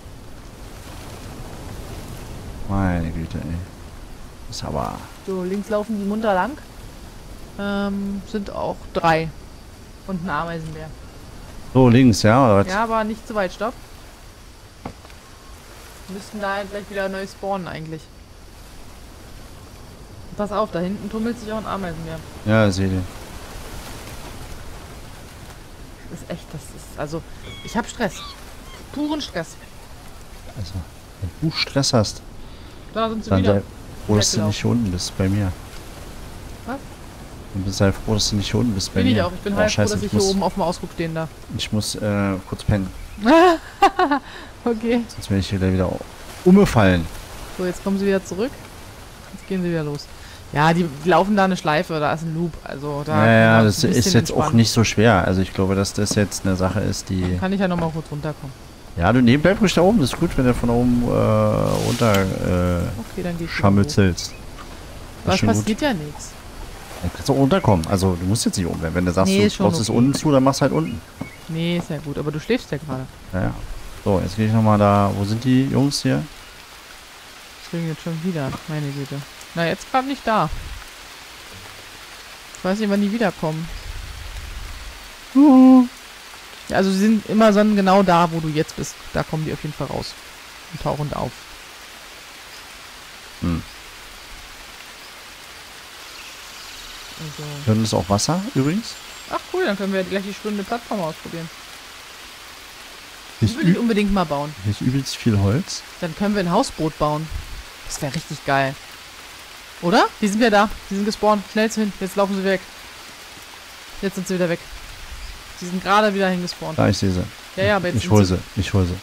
[SPEAKER 2] Meine Güte, ey. Ist aber...
[SPEAKER 1] So, links laufen die munter lang. Ähm, sind auch drei. Und ein Ameisenbär.
[SPEAKER 2] So, links, ja, oder was?
[SPEAKER 1] Ja, aber nicht zu weit, stopp. Wir müssten da gleich wieder neu spawnen eigentlich. Pass auf, da hinten tummelt sich auch ein Ameisenbär.
[SPEAKER 2] Ja, sehe den
[SPEAKER 1] ist echt, das ist, also, ich habe Stress. Puren Stress.
[SPEAKER 2] Also, wenn du Stress hast, da sind sie dann wieder. sei froh, dass du nicht unten bist bei mir. Was? Und sei froh, dass du nicht unten bist bei bin mir. Bin ich auch, ich bin oh, halt froh, dass ich, hier muss, oben
[SPEAKER 1] auf dem Ausguck stehen da.
[SPEAKER 2] Ich muss äh, kurz pennen.
[SPEAKER 1] okay.
[SPEAKER 2] Sonst werde ich hier wieder umgefallen.
[SPEAKER 1] So, jetzt kommen sie wieder zurück. Jetzt gehen sie wieder los. Ja, die laufen da eine Schleife oder ist ein Loop. Also da naja, das ist jetzt entspannen. auch nicht
[SPEAKER 2] so schwer. Also ich glaube, dass das jetzt eine Sache ist, die. Dann
[SPEAKER 1] kann ich ja nochmal kurz runterkommen.
[SPEAKER 2] Ja, du nee, bleib ruhig da oben. Das ist gut, wenn du von oben äh, runter äh, okay, schamützelst.
[SPEAKER 1] Aber es passiert gut. ja nichts.
[SPEAKER 2] Dann kannst du auch runterkommen. Also du musst jetzt nicht oben werden. Wenn du sagst, nee, du brauchst okay. es unten zu, dann machst du halt unten.
[SPEAKER 1] Nee, ist ja gut. Aber du schläfst ja gerade.
[SPEAKER 2] Ja, ja. So, jetzt gehe ich nochmal da. Wo sind die Jungs hier?
[SPEAKER 1] Ich jetzt schon wieder. Meine Güte. Na, jetzt gerade nicht da. Ich weiß nicht, wann die wiederkommen. Juhu. Ja, also sie sind immer dann genau da, wo du jetzt bist. Da kommen die auf jeden Fall raus. Und tauchen da auf. Hm. Also. Dann
[SPEAKER 2] ist auch Wasser übrigens.
[SPEAKER 1] Ach cool, dann können wir gleich die schwimmende Plattform ausprobieren. Ich würde ich unbedingt mal bauen.
[SPEAKER 2] Hier ist übelst viel Holz.
[SPEAKER 1] Dann können wir ein Hausboot bauen. Das wäre richtig geil. Oder? Die sind ja da. Die sind gespawnt. Schnell hin. Jetzt laufen sie weg. Jetzt sind sie wieder weg. Die sind gerade wieder hingespawnt. Da, ich sehe sie. Ja, ja, aber jetzt Ich hole sie. sie. Ich hole sie.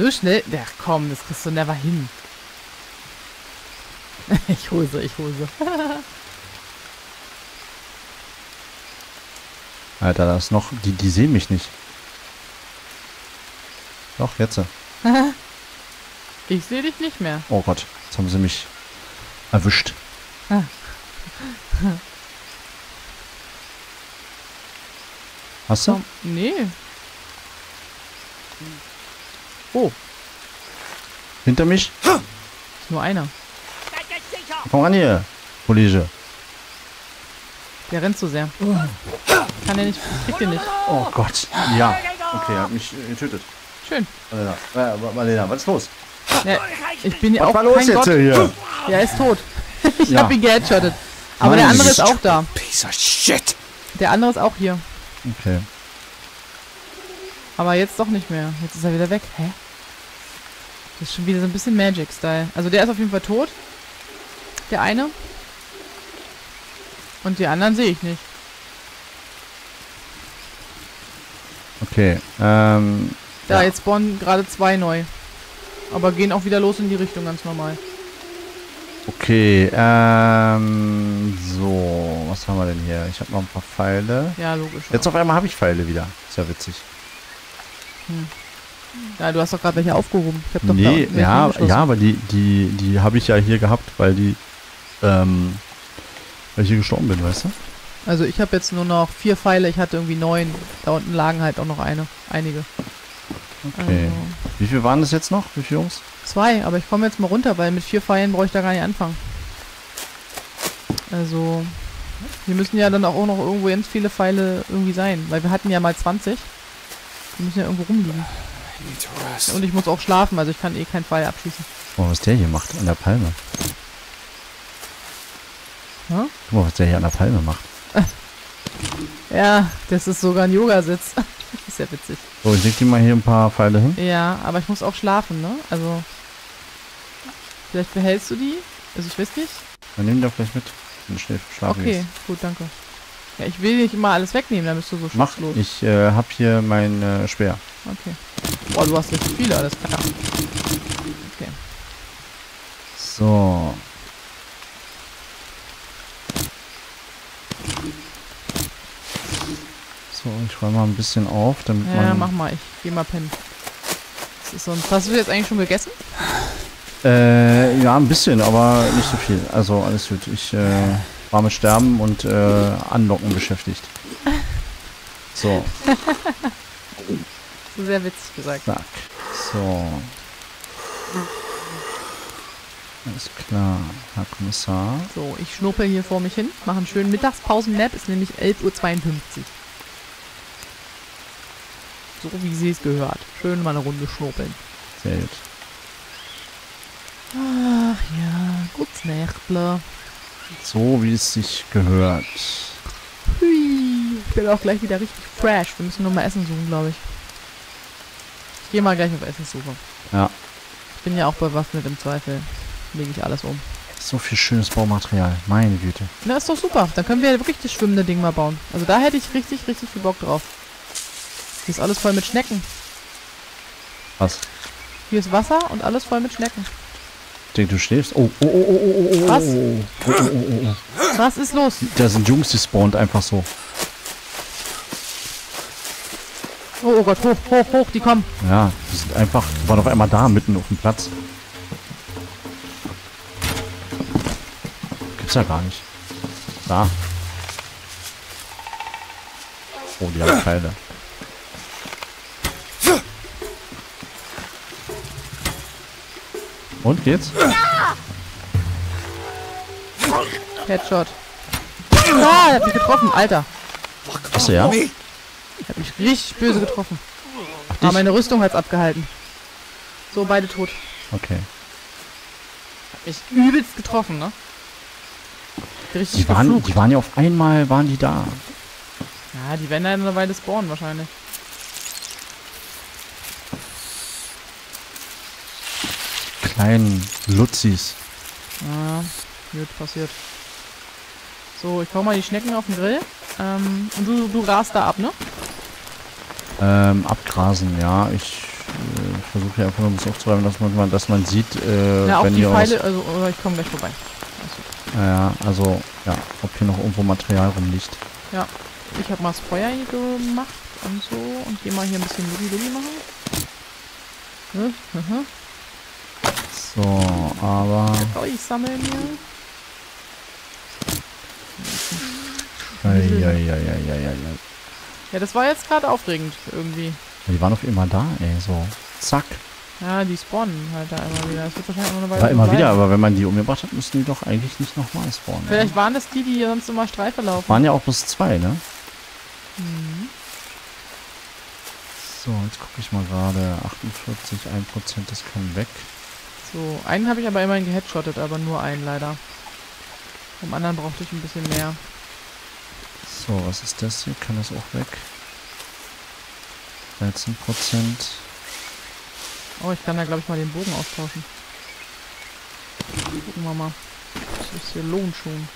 [SPEAKER 1] So schnell? ja, komm, das kriegst du never hin. ich hole sie, ich hole sie.
[SPEAKER 2] Alter, da ist noch... Die, die sehen mich nicht. Doch, jetzt.
[SPEAKER 1] ich sehe dich nicht mehr.
[SPEAKER 2] Oh Gott, jetzt haben sie mich erwischt.
[SPEAKER 1] Ah. Hast du? Um, nee. Oh.
[SPEAKER 2] Hinter mich? Ist nur einer. Komm ran hier, Kollege.
[SPEAKER 1] Der rennt zu so sehr. Oh. Kann er nicht. Kriegt er nicht.
[SPEAKER 2] Oh Gott. Ja. Okay, er hat mich äh, getötet. Schön. Äh, äh, Malena, Malena was ist los?
[SPEAKER 1] Ja, ich bin ja auch war los kein jetzt Gott. hier? Ja, ist tot. ich ja. hab ihn geheadshottet. Aber Mann, der andere ist auch da. Piece of shit. Der andere ist auch hier. Okay. Aber jetzt doch nicht mehr. Jetzt ist er wieder weg. Hä? Das ist schon wieder so ein bisschen Magic-Style. Also der ist auf jeden Fall tot. Der eine. Und die anderen sehe ich nicht.
[SPEAKER 2] Okay. Ähm,
[SPEAKER 1] da, ja. jetzt spawnen gerade zwei neu. Aber gehen auch wieder los in die Richtung, ganz normal.
[SPEAKER 2] Okay, ähm, so, was haben wir denn hier? Ich habe noch ein paar Pfeile. Ja, logisch. Jetzt auch. auf einmal habe ich Pfeile wieder. Ist ja witzig.
[SPEAKER 1] Hm. Ja, du hast doch gerade welche aufgehoben. Ich hab doch nee, ja, ja, aber
[SPEAKER 2] die, die, die habe ich ja hier gehabt, weil die, ähm, weil ich hier gestorben bin, weißt du?
[SPEAKER 1] Also ich habe jetzt nur noch vier Pfeile, ich hatte irgendwie neun. Da unten lagen halt auch noch eine, einige. Okay. Also.
[SPEAKER 2] Wie viel waren das jetzt noch? Wie viele Jungs?
[SPEAKER 1] Zwei, aber ich komme jetzt mal runter, weil mit vier Pfeilen brauche ich da gar nicht anfangen. Also, wir müssen ja dann auch noch irgendwo ganz viele Pfeile irgendwie sein, weil wir hatten ja mal 20. Wir müssen ja irgendwo rumliegen. Und ich muss auch schlafen, also ich kann eh keinen Pfeil abschießen.
[SPEAKER 2] Guck mal, was der hier macht an der Palme. Hm? Guck mal, was der hier an der Palme macht.
[SPEAKER 1] ja, das ist sogar ein Yogasitz. ist ja witzig.
[SPEAKER 2] So, ich leg dir mal hier ein paar Pfeile hin.
[SPEAKER 1] Ja, aber ich muss auch schlafen, ne? Also, vielleicht behältst du die? Also, ich weiß nicht.
[SPEAKER 2] Dann nimm die doch gleich mit, wenn du schlafen Okay, gehst.
[SPEAKER 1] gut, danke. Ja, ich will nicht immer alles wegnehmen, dann bist du so schutzlos. Mach, ich
[SPEAKER 2] äh, hab hier mein äh, Speer.
[SPEAKER 1] Okay. Boah, du hast richtig viele, alles klar. Okay.
[SPEAKER 2] So. So, ich räume mal ein bisschen auf, damit ja, man... Ja, mach
[SPEAKER 1] mal. Ich geh mal pennen. Das ist sonst... Hast du jetzt eigentlich schon gegessen?
[SPEAKER 2] Äh, ja, ein bisschen, aber nicht so viel. Also, alles gut. Ich äh, war mit Sterben und äh, Anlocken beschäftigt. So.
[SPEAKER 1] Sehr witzig gesagt. Zack.
[SPEAKER 2] So. Alles klar, Herr Kommissar.
[SPEAKER 1] So, ich schnuppel hier vor mich hin, mache einen schönen Mittagspausen-Nap, ist nämlich 11.52 Uhr. So wie sie es gehört. Schön mal eine Runde schnuppeln. Sehr gut. Ach ja, gut's Nächtle.
[SPEAKER 2] So wie es sich gehört.
[SPEAKER 1] Hui, ich bin auch gleich wieder richtig fresh. Wir müssen nur mal Essen suchen, glaube ich. Ich gehe mal gleich auf Essen suchen. Ja. Ich bin ja auch bewaffnet im Zweifel. Lege ich alles um.
[SPEAKER 2] So viel schönes Baumaterial. Meine Güte.
[SPEAKER 1] Na, ist doch super. Dann können wir ja wirklich das schwimmende Ding mal bauen. Also da hätte ich richtig, richtig viel Bock drauf. Hier ist alles voll mit Schnecken. Was? Hier ist Wasser und alles voll mit Schnecken.
[SPEAKER 2] Ich denke, du schläfst. Oh, oh, oh, oh, oh, oh, oh. Was? Oh, oh, oh, oh. oh,
[SPEAKER 1] oh. Was ist los?
[SPEAKER 2] Da sind Jungs gespawnt, einfach so.
[SPEAKER 1] Oh, oh Gott, hoch, hoch, hoch, die kommen.
[SPEAKER 2] Ja, die sind einfach, die waren auf einmal da, mitten auf dem Platz. Gibt's ja gar nicht. Da. Oh, die haben keine. Und geht's?
[SPEAKER 1] Headshot. Ah, er hat mich getroffen, Alter. Achso, ja. Er hat mich richtig böse getroffen. Ach, Aber ah, meine Rüstung hat's abgehalten. So, beide tot. Okay. Hat mich übelst getroffen, ne? Richtig die waren, die waren
[SPEAKER 2] ja auf einmal, waren die da.
[SPEAKER 1] Ja, die werden ja eine Weile spawnen wahrscheinlich.
[SPEAKER 2] kleinen Lutzis.
[SPEAKER 1] Ja, ah, gut, passiert. So, ich hau mal die Schnecken auf den Grill. Ähm, und du, du rast da ab, ne?
[SPEAKER 2] Ähm, abgrasen, ja. Ich äh, versuche hier einfach nur das aufzuräumen, dass man, dass man sieht, äh, ja, wenn die hier Pfeile, aus...
[SPEAKER 1] also, ich komme gleich vorbei. Also.
[SPEAKER 2] Ja, also, ja, ob hier noch irgendwo Material rumliegt.
[SPEAKER 1] Ja, ich habe mal das Feuer gemacht und so und gehe mal hier ein bisschen Lubi-Lubi machen. Mhm.
[SPEAKER 2] So, aber... Ich sammeln hier. Eieieiei.
[SPEAKER 1] Ja, das war jetzt gerade aufregend, irgendwie.
[SPEAKER 2] Die waren auf immer da, ey, so. Zack.
[SPEAKER 1] Ja, die spawnen halt da immer wieder. Das wird wahrscheinlich immer eine Weile Ja, immer wieder,
[SPEAKER 2] aber wenn man die umgebracht hat, müssen die doch eigentlich nicht nochmal spawnen. Ne? Vielleicht
[SPEAKER 1] ja. waren das die, die hier sonst immer Streife laufen. Waren ja
[SPEAKER 2] auch bloß zwei, ne? Mhm. So, jetzt gucke ich mal gerade. 48, 1%, das kann weg.
[SPEAKER 1] So, einen habe ich aber immerhin geheadshottet, aber nur einen leider. Vom anderen brauchte ich ein bisschen mehr.
[SPEAKER 2] So, was ist das hier? Kann das auch weg? 13 Prozent.
[SPEAKER 1] Oh, ich kann da glaube ich mal den Bogen austauschen. Gucken wir mal. Das ist hier lohnt schon.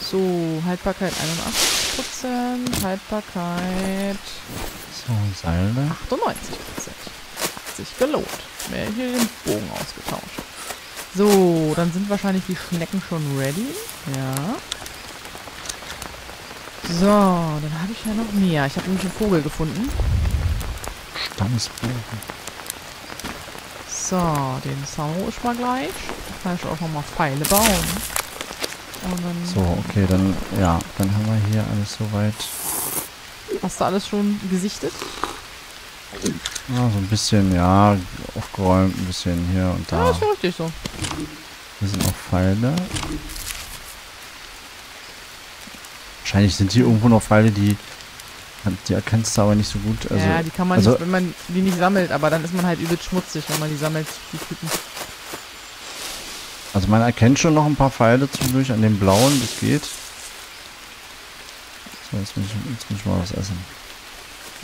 [SPEAKER 1] So, Haltbarkeit 81 Prozent. Haltbarkeit.
[SPEAKER 2] So, Seile. Ne?
[SPEAKER 1] 98 Prozent sich gelohnt. Mehr hier den Bogen ausgetauscht. So, dann sind wahrscheinlich die Schnecken schon ready. Ja. So, dann habe ich ja noch mehr. Ich habe nämlich einen Vogel gefunden. Stammesbogen. So, den Sau ist mal gleich. Kann ich auch nochmal Pfeile bauen. so,
[SPEAKER 2] okay, dann, ja, dann haben wir hier alles soweit.
[SPEAKER 1] Hast du alles schon gesichtet? Also,
[SPEAKER 2] ja, so ein bisschen, ja, aufgeräumt, ein bisschen hier und da. Ja, ist ja richtig so. Hier sind auch Pfeile. Wahrscheinlich sind hier irgendwo noch Pfeile, die die erkennst du aber nicht so gut. Also, ja, die kann man also, nicht,
[SPEAKER 1] wenn man die nicht sammelt, aber dann ist man halt übel schmutzig, wenn man die sammelt, die Typen.
[SPEAKER 2] Also man erkennt schon noch ein paar Pfeile zwischendurch an dem blauen, das geht. So, jetzt muss, ich, jetzt muss ich mal was essen.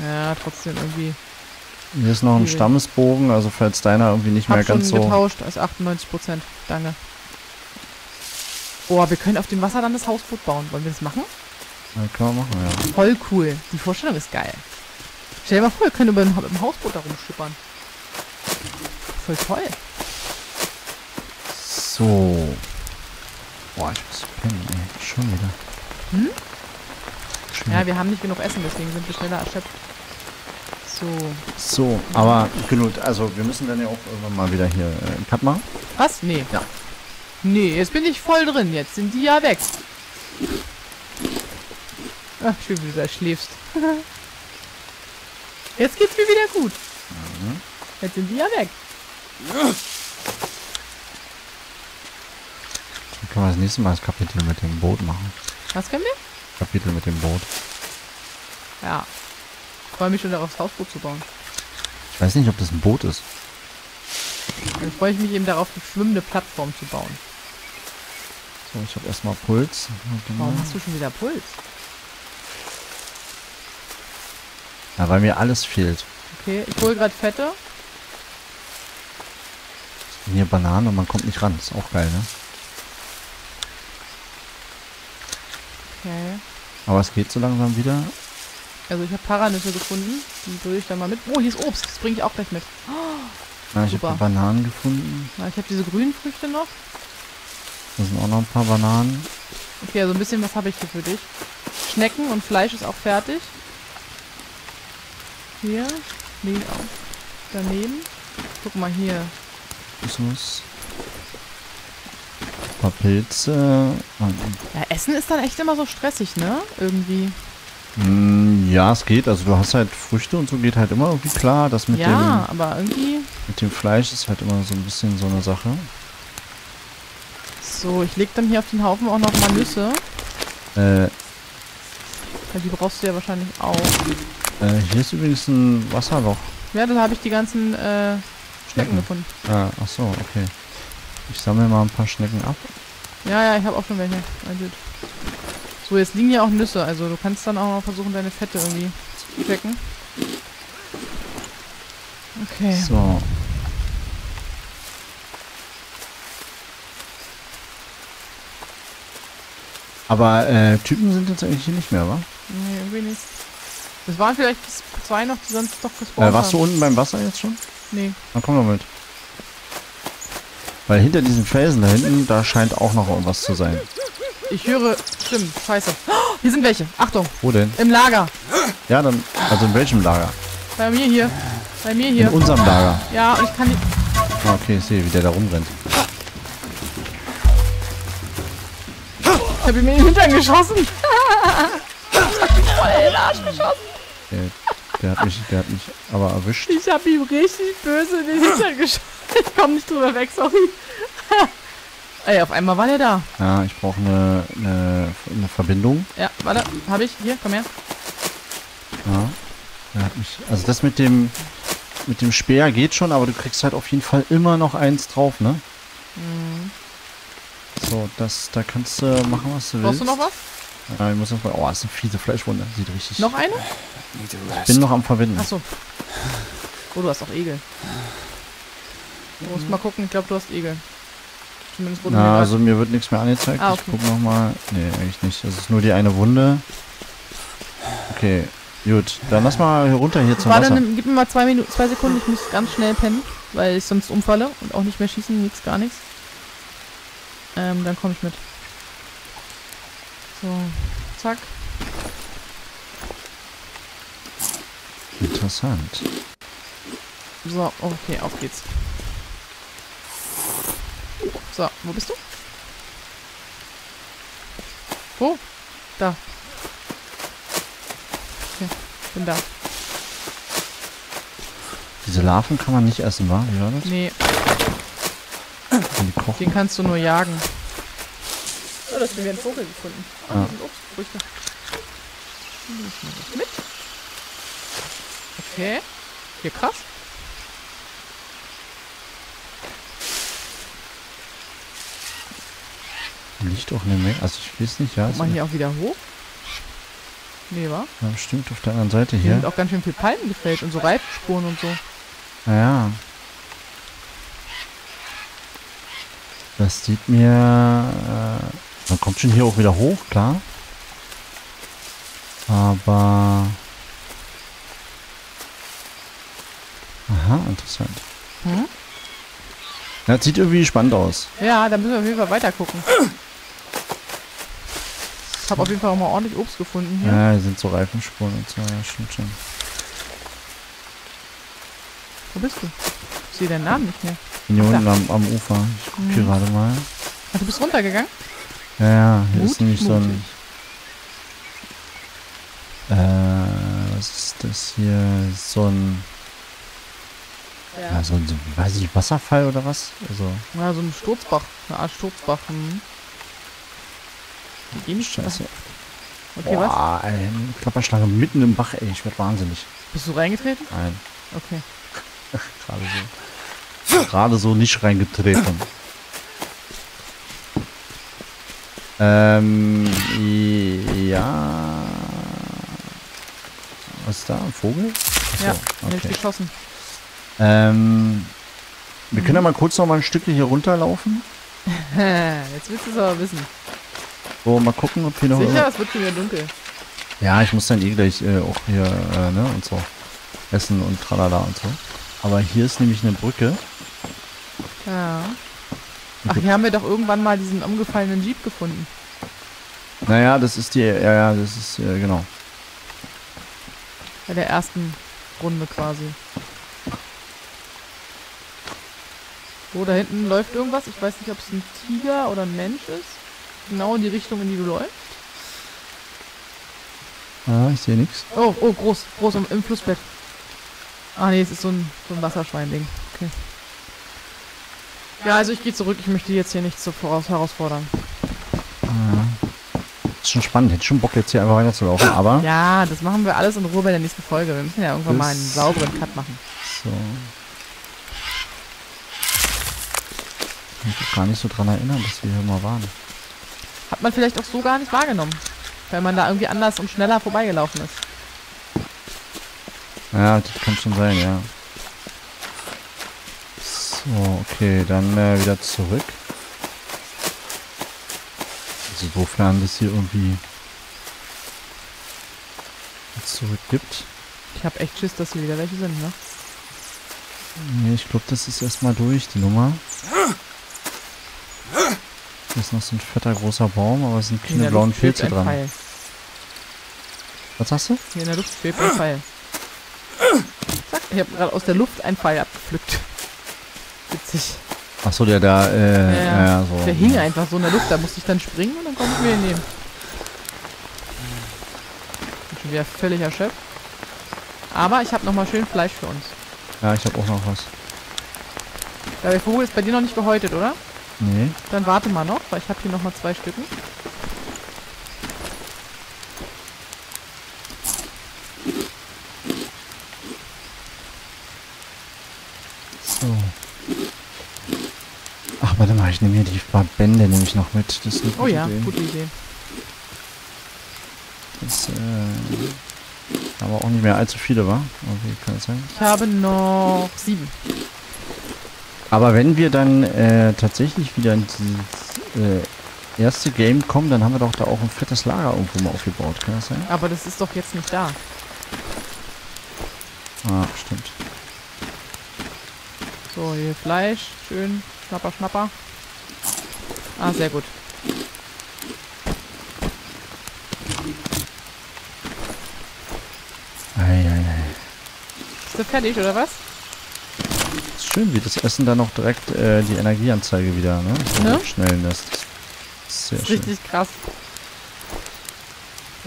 [SPEAKER 1] Ja, trotzdem irgendwie
[SPEAKER 2] hier ist noch ein Stammesbogen, also falls deiner irgendwie nicht Hab mehr ganz so... Ich
[SPEAKER 1] getauscht, also 98 Prozent. Danke. Oh, wir können auf dem Wasser dann das Hausboot bauen. Wollen wir das machen?
[SPEAKER 2] Ja, können wir machen, ja.
[SPEAKER 1] Voll cool. Die Vorstellung ist geil. Stell dir mal vor, wir können über dem Hausboot da rumschippern. Voll toll.
[SPEAKER 2] So. Boah, ich muss pennen, ey. Schon wieder. Hm?
[SPEAKER 1] Schon ja, wir haben nicht genug Essen, deswegen sind wir schneller erschöpft. So.
[SPEAKER 2] So, aber genug. Also, wir müssen dann ja auch irgendwann mal wieder hier äh, einen Cut machen.
[SPEAKER 1] Was? Nee. Ja. Nee, jetzt bin ich voll drin. Jetzt sind die ja weg. Ach, schön, wie du da schläfst. jetzt geht's mir wieder gut. Mhm. Jetzt sind die ja weg.
[SPEAKER 2] Dann können wir das nächste Mal das Kapitel mit dem Boot machen. Was können wir? Kapitel mit dem Boot.
[SPEAKER 1] Ja freue mich schon darauf, das Hausboot zu bauen.
[SPEAKER 2] Ich weiß nicht, ob das ein Boot ist.
[SPEAKER 1] Dann freue ich mich eben darauf, die schwimmende Plattform zu bauen.
[SPEAKER 2] So, ich habe erstmal Puls. Warum hast
[SPEAKER 1] du schon wieder Puls?
[SPEAKER 2] Ja, weil mir alles fehlt.
[SPEAKER 1] Okay, ich hole gerade Fette.
[SPEAKER 2] Hier Banane und man kommt nicht ran. Ist auch geil, ne? Okay. Aber es geht so langsam wieder.
[SPEAKER 1] Also ich habe Paranüsse gefunden. Die würde ich dann mal mit... Oh, hier ist Obst. Das bringe ich auch gleich mit. Oh, ah, ja, ich habe
[SPEAKER 2] Bananen gefunden.
[SPEAKER 1] Ja, ich habe diese grünen Früchte noch.
[SPEAKER 2] Da sind auch noch ein paar Bananen.
[SPEAKER 1] Okay, also ein bisschen was habe ich hier für dich. Schnecken und Fleisch ist auch fertig. Hier. Nee, auch. Daneben. Guck mal hier.
[SPEAKER 2] Ich muss... Ein paar Pilze.
[SPEAKER 1] Ja, Essen ist dann echt immer so stressig, ne? Irgendwie.
[SPEAKER 2] Mm, ja, es geht. Also du hast halt Früchte und so geht halt immer irgendwie klar. Das mit ja, dem, aber irgendwie... Mit dem Fleisch ist halt immer so ein bisschen so eine Sache.
[SPEAKER 1] So, ich leg dann hier auf den Haufen auch noch mal Nüsse. Äh. die brauchst du ja wahrscheinlich auch.
[SPEAKER 2] Äh, hier ist übrigens ein Wasserloch.
[SPEAKER 1] Ja, da habe ich die ganzen äh, Schnecken. Schnecken, gefunden.
[SPEAKER 2] Ah, ach so, okay. Ich sammle mal ein paar Schnecken ab.
[SPEAKER 1] Ja, ja, ich habe auch schon welche. Ein so, jetzt liegen ja auch Nüsse, also du kannst dann auch noch versuchen, deine Fette irgendwie zu stecken. Okay. So.
[SPEAKER 2] Aber äh, Typen sind jetzt eigentlich hier nicht mehr, wa?
[SPEAKER 1] Nee, irgendwie nicht. Es waren vielleicht zwei noch, die sonst doch gespawnt äh, Warst haben. du unten
[SPEAKER 2] beim Wasser jetzt schon? Nee. Dann komm doch mit. Weil hinter diesen Felsen da hinten, da scheint auch noch irgendwas zu sein.
[SPEAKER 1] Ich höre Stimmen. Scheiße. Oh, hier sind welche. Achtung. Wo denn? Im Lager.
[SPEAKER 2] Ja, dann. Also in welchem Lager?
[SPEAKER 1] Bei mir hier. Bei mir hier. In unserem Lager. Ja, und ich kann die.
[SPEAKER 2] Ah, okay, ich sehe, wie der da rumrennt.
[SPEAKER 1] Ich habe ihm in den Hintern geschossen. voll in den Arsch geschossen.
[SPEAKER 2] Der, der, hat mich, der hat mich aber erwischt.
[SPEAKER 1] Ich habe ihm richtig böse in den Hintern geschossen. Ich komme nicht drüber weg, sorry. Ey, auf einmal war der da.
[SPEAKER 2] Ja, ich brauche eine, eine, eine, Verbindung.
[SPEAKER 1] Ja, warte, habe ich. Hier, komm her.
[SPEAKER 2] Ja. ja mich, also das mit dem mit dem Speer geht schon, aber du kriegst halt auf jeden Fall immer noch eins drauf, ne? Mhm. So, das, da kannst du machen, was du Brauchst willst. Brauchst du noch
[SPEAKER 1] was?
[SPEAKER 2] Ja, ich muss noch mal. Oh, das ist eine fiese Fleischwunde. Sieht richtig. Noch eine?
[SPEAKER 1] Ich bin noch am Verbinden. Achso. Oh, du hast auch Egel. Du musst mal gucken, ich glaube, du hast Egel. Zumindest Na, also
[SPEAKER 2] mir wird nichts mehr angezeigt. Ah, okay. Ich guck nochmal. Nee, eigentlich nicht. Das ist nur die eine Wunde. Okay, gut. Dann lass mal runter hier zum Warte, Wasser. Warte,
[SPEAKER 1] gib mir mal zwei, Minuten, zwei Sekunden. Ich muss ganz schnell pennen, weil ich sonst umfalle und auch nicht mehr schießen. Nichts, gar nichts. Ähm, dann komme ich mit. So, zack.
[SPEAKER 2] Interessant.
[SPEAKER 1] So, okay, auf geht's. So, wo bist du? Wo? Da. Okay, bin da.
[SPEAKER 2] Diese Larven kann man nicht essen, wa? Wie war das?
[SPEAKER 1] Nee. Den kannst du nur jagen. Oh, da haben wir einen Vogel gefunden. Oh, ah. ja. Obstfrüchte. Mit? Okay. Hier krass.
[SPEAKER 2] Liegt auch eine Menge. Also ich weiß nicht, ja. Kommt man hier
[SPEAKER 1] auch wieder hoch? Nee, wa?
[SPEAKER 2] Ja, stimmt, auf der anderen Seite hier. Hier sind auch
[SPEAKER 1] ganz schön viel Palmen gefällt und so Reifspuren und so.
[SPEAKER 2] Naja. Ah, das sieht mir... Äh, man kommt schon hier auch wieder hoch, klar. Aber... Aha, interessant. Hm? Das sieht irgendwie spannend aus.
[SPEAKER 1] Ja, da müssen wir auf jeden Fall weiter gucken. Ich habe auf jeden Fall auch mal ordentlich Obst gefunden hier. Ja,
[SPEAKER 2] hier sind so Reifenspuren und so. Ja, stimmt schon.
[SPEAKER 1] Wo bist du? Ich sehe deinen Namen nicht mehr. Bin hier unten am,
[SPEAKER 2] am, Ufer. Ich gucke hier mhm. gerade mal.
[SPEAKER 1] Ach, du bist runtergegangen?
[SPEAKER 2] Ja, ja. Hier Mut, ist nämlich mutig. so ein... Äh, was ist das hier? So ein...
[SPEAKER 1] Ja, ja so ein, weiß ich,
[SPEAKER 2] Wasserfall oder was? Also.
[SPEAKER 1] Ja, so ein Sturzbach. Eine Art Sturzbach. Mhm. Mit ihm Scheiße. Okay, Boah,
[SPEAKER 2] was? Ey, Klapperschlange mitten im Bach, ey. Ich werd wahnsinnig.
[SPEAKER 1] Bist du reingetreten? Nein. Okay.
[SPEAKER 2] Gerade so. Gerade so nicht reingetreten. ähm, ja. Was ist da? Ein Vogel? Achso, ja, okay. geschossen. Ähm, wir können ja mal kurz noch mal ein Stückchen hier runterlaufen.
[SPEAKER 1] Jetzt willst du es aber wissen.
[SPEAKER 2] So, mal gucken, ob hier noch... Sicher,
[SPEAKER 1] es wird schon wieder dunkel.
[SPEAKER 2] Ja, ich muss dann eh gleich äh, auch hier, äh, ne, und so. Essen und tralala und so. Aber hier ist nämlich eine Brücke.
[SPEAKER 1] Ja. Ach, hier haben wir doch irgendwann mal diesen umgefallenen Jeep gefunden.
[SPEAKER 2] Naja, das ist die, ja, ja, das ist, äh, genau.
[SPEAKER 1] Bei der ersten Runde quasi. So, da hinten läuft irgendwas. Ich weiß nicht, ob es ein Tiger oder ein Mensch ist genau in die Richtung, in die du läufst. Ah, ich sehe nichts. Oh, oh, groß, groß im, im Flussbett. Ah nee, es ist so ein, so ein Wasserschwein-Ding. Okay. Ja, also ich gehe zurück, ich möchte jetzt hier nichts so voraus herausfordern.
[SPEAKER 2] Ah. Ist schon spannend, hätte schon Bock jetzt hier einfach weiterzulaufen, aber...
[SPEAKER 1] Ja, das machen wir alles in Ruhe bei der nächsten Folge. Wir müssen ja irgendwann mal einen sauberen Cut machen.
[SPEAKER 2] So. Ich kann mich gar nicht so dran erinnern, dass wir hier mal waren.
[SPEAKER 1] Hat man vielleicht auch so gar nicht wahrgenommen. Weil man da irgendwie anders und schneller vorbeigelaufen ist.
[SPEAKER 2] Ja, das kann schon sein, ja. So, okay, dann äh, wieder zurück. Also wofern das hier irgendwie zurück gibt.
[SPEAKER 1] Ich habe echt Schiss, dass hier wieder welche sind, ne?
[SPEAKER 2] Nee, ich glaube, das ist erstmal durch, die Nummer. Hier ist noch so ein fetter großer Baum, aber es sind keine blauen Pilze dran. Pfeil. Was hast du?
[SPEAKER 1] Hier in der Luft schwebt ein Pfeil. Zack, ich habe gerade aus der Luft einen Pfeil abgepflückt. Witzig.
[SPEAKER 2] Achso, der da, äh, ja, ja. so. Der hing
[SPEAKER 1] einfach so in der Luft, da musste ich dann springen und dann konnte ich mir ihn nehmen. Bin schon wieder völlig erschöpft. Aber ich habe nochmal schön Fleisch für uns.
[SPEAKER 2] Ja, ich habe auch noch was.
[SPEAKER 1] Der Vogel ist bei dir noch nicht gehäutet, oder? Nee. Dann warte mal noch, weil ich habe hier noch mal zwei Stücken.
[SPEAKER 2] So. Ach, warte mal, ich nehme hier die paar Bände nämlich noch mit. Das ist eine oh ja, Idee. gute Idee. Das, äh, aber auch nicht mehr allzu viele, war. Okay, kann das sein?
[SPEAKER 1] Ich habe noch sieben.
[SPEAKER 2] Aber wenn wir dann äh, tatsächlich wieder in dieses äh, erste Game kommen, dann haben wir doch da auch ein fettes Lager irgendwo mal aufgebaut, kann das sein?
[SPEAKER 1] Aber das ist doch jetzt nicht da.
[SPEAKER 2] Ah, stimmt.
[SPEAKER 1] So, hier Fleisch, schön, schnapper, schnapper. Ah, sehr gut. Ei, Ei, ei. Bist du fertig, oder was?
[SPEAKER 2] Schön, wie das Essen dann auch direkt äh, die Energieanzeige wieder, ne? ne? Schnellen lässt. Sehr das ist schön. Richtig krass.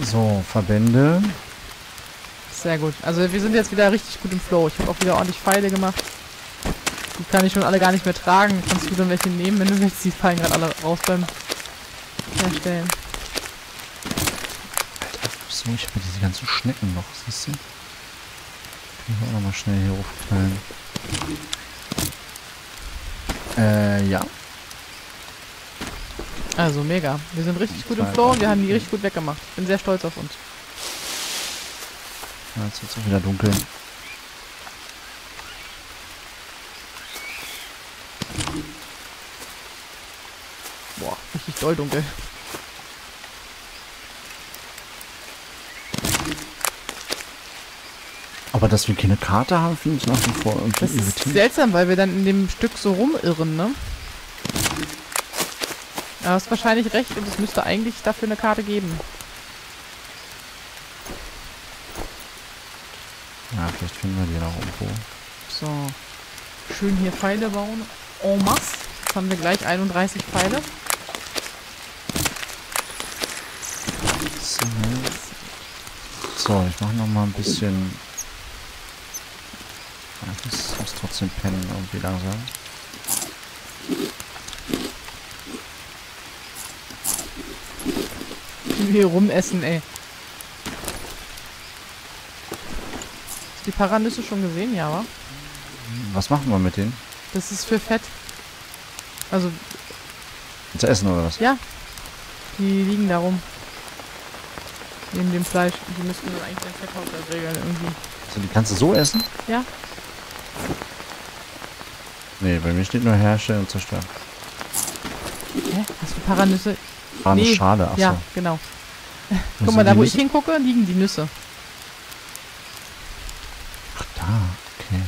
[SPEAKER 2] So, Verbände.
[SPEAKER 1] Sehr gut. Also wir sind jetzt wieder richtig gut im Flow. Ich habe auch wieder ordentlich Pfeile gemacht. Die kann ich schon alle gar nicht mehr tragen. Kannst du dann welche nehmen, wenn du willst. Die fallen gerade alle raus beim Herstellen.
[SPEAKER 2] So, ich habe diese ganzen Schnecken noch, siehst du? Können wir auch nochmal schnell hier hochknallen. Äh, ja.
[SPEAKER 1] Also mega. Wir sind richtig gut im Flow und wir haben die richtig gut weggemacht. Bin sehr stolz auf uns.
[SPEAKER 2] Ja, jetzt wird es auch wieder dunkel.
[SPEAKER 1] Boah, richtig doll dunkel. Aber
[SPEAKER 2] dass wir keine Karte haben, finde ich nach wie vor irgendwie Das ist
[SPEAKER 1] seltsam, weil wir dann in dem Stück so rumirren, ne? Du hast wahrscheinlich recht und es müsste eigentlich dafür eine Karte geben. Ja,
[SPEAKER 2] vielleicht finden wir die noch irgendwo.
[SPEAKER 1] So. Schön hier Pfeile bauen. En masse. Jetzt haben wir gleich 31 Pfeile.
[SPEAKER 2] So, so ich mache noch mal ein bisschen ich muss trotzdem pennen irgendwie langsam.
[SPEAKER 1] hier rumessen, ey. Hast die Paranüsse schon gesehen, ja, wa?
[SPEAKER 2] Was machen wir mit denen?
[SPEAKER 1] Das ist für Fett. Also...
[SPEAKER 2] Zu essen oder was?
[SPEAKER 1] Ja. Die liegen da rum. Neben dem Fleisch. Die müssten eigentlich den regeln, irgendwie.
[SPEAKER 2] So, die kannst du so essen? Ja. Nee, bei mir steht nur herstellen und zerstören.
[SPEAKER 1] Hä? Hast du Paranüsse? Paranüsschale, ah, nee. Ja, genau.
[SPEAKER 2] Guck also mal, da wo ich
[SPEAKER 1] hingucke, liegen die Nüsse.
[SPEAKER 2] Ach da, okay.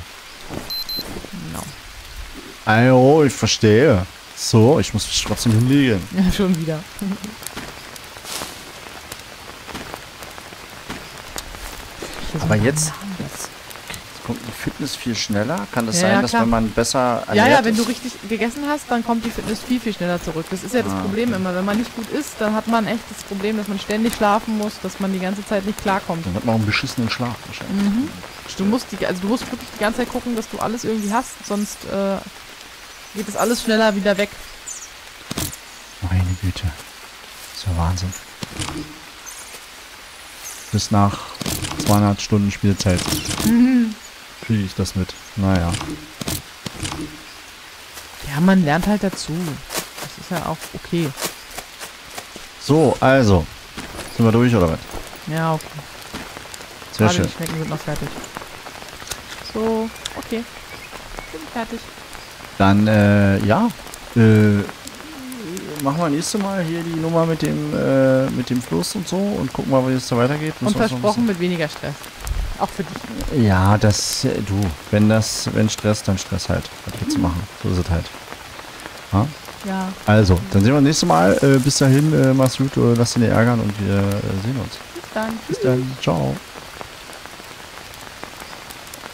[SPEAKER 2] Genau. oh, ich verstehe. So, ich muss trotzdem hinlegen.
[SPEAKER 1] Ja, schon wieder. Aber jetzt,
[SPEAKER 2] kommt die Fitness viel schneller? Kann das ja, sein, ja, dass wenn man besser ernährt Ja, ja, wenn du
[SPEAKER 1] richtig gegessen hast, dann kommt die Fitness viel, viel schneller zurück. Das ist ja das ah, Problem okay. immer. Wenn man nicht gut isst, dann hat man echt das Problem, dass man ständig schlafen muss, dass man die ganze Zeit nicht klarkommt.
[SPEAKER 2] Dann hat man auch einen beschissenen Schlaf wahrscheinlich.
[SPEAKER 1] Mhm. Du musst, die, also du musst wirklich die ganze Zeit gucken, dass du alles irgendwie hast, sonst äh, geht das alles schneller wieder weg.
[SPEAKER 2] Meine Güte. Das ist ja Wahnsinn. Bis nach 200 Stunden Spielzeit. Mhm kriege ich das mit. Naja.
[SPEAKER 1] Ja, man lernt halt dazu. Das ist ja auch okay.
[SPEAKER 2] So, also. Sind wir durch oder was?
[SPEAKER 1] Ja, okay. Sehr Gerade schön. Die Schnecken sind noch fertig. So, okay. Bin fertig.
[SPEAKER 2] Dann, äh, ja. Äh, machen wir nächste Mal hier die Nummer mit dem, äh, mit dem Fluss und so und gucken mal, wie es da weitergeht. und versprochen
[SPEAKER 1] mit weniger Stress. Auch für dich. Ja,
[SPEAKER 2] das, du, wenn das, wenn Stress, dann Stress halt. Was willst du mhm. machen? So ist es halt. Ja? ja. Also, dann sehen wir uns nächstes Mal. Äh, bis dahin, äh, mach's gut, äh, lass dich nicht ärgern und
[SPEAKER 1] wir äh, sehen uns. Bis dann. Bis dann. Ciao.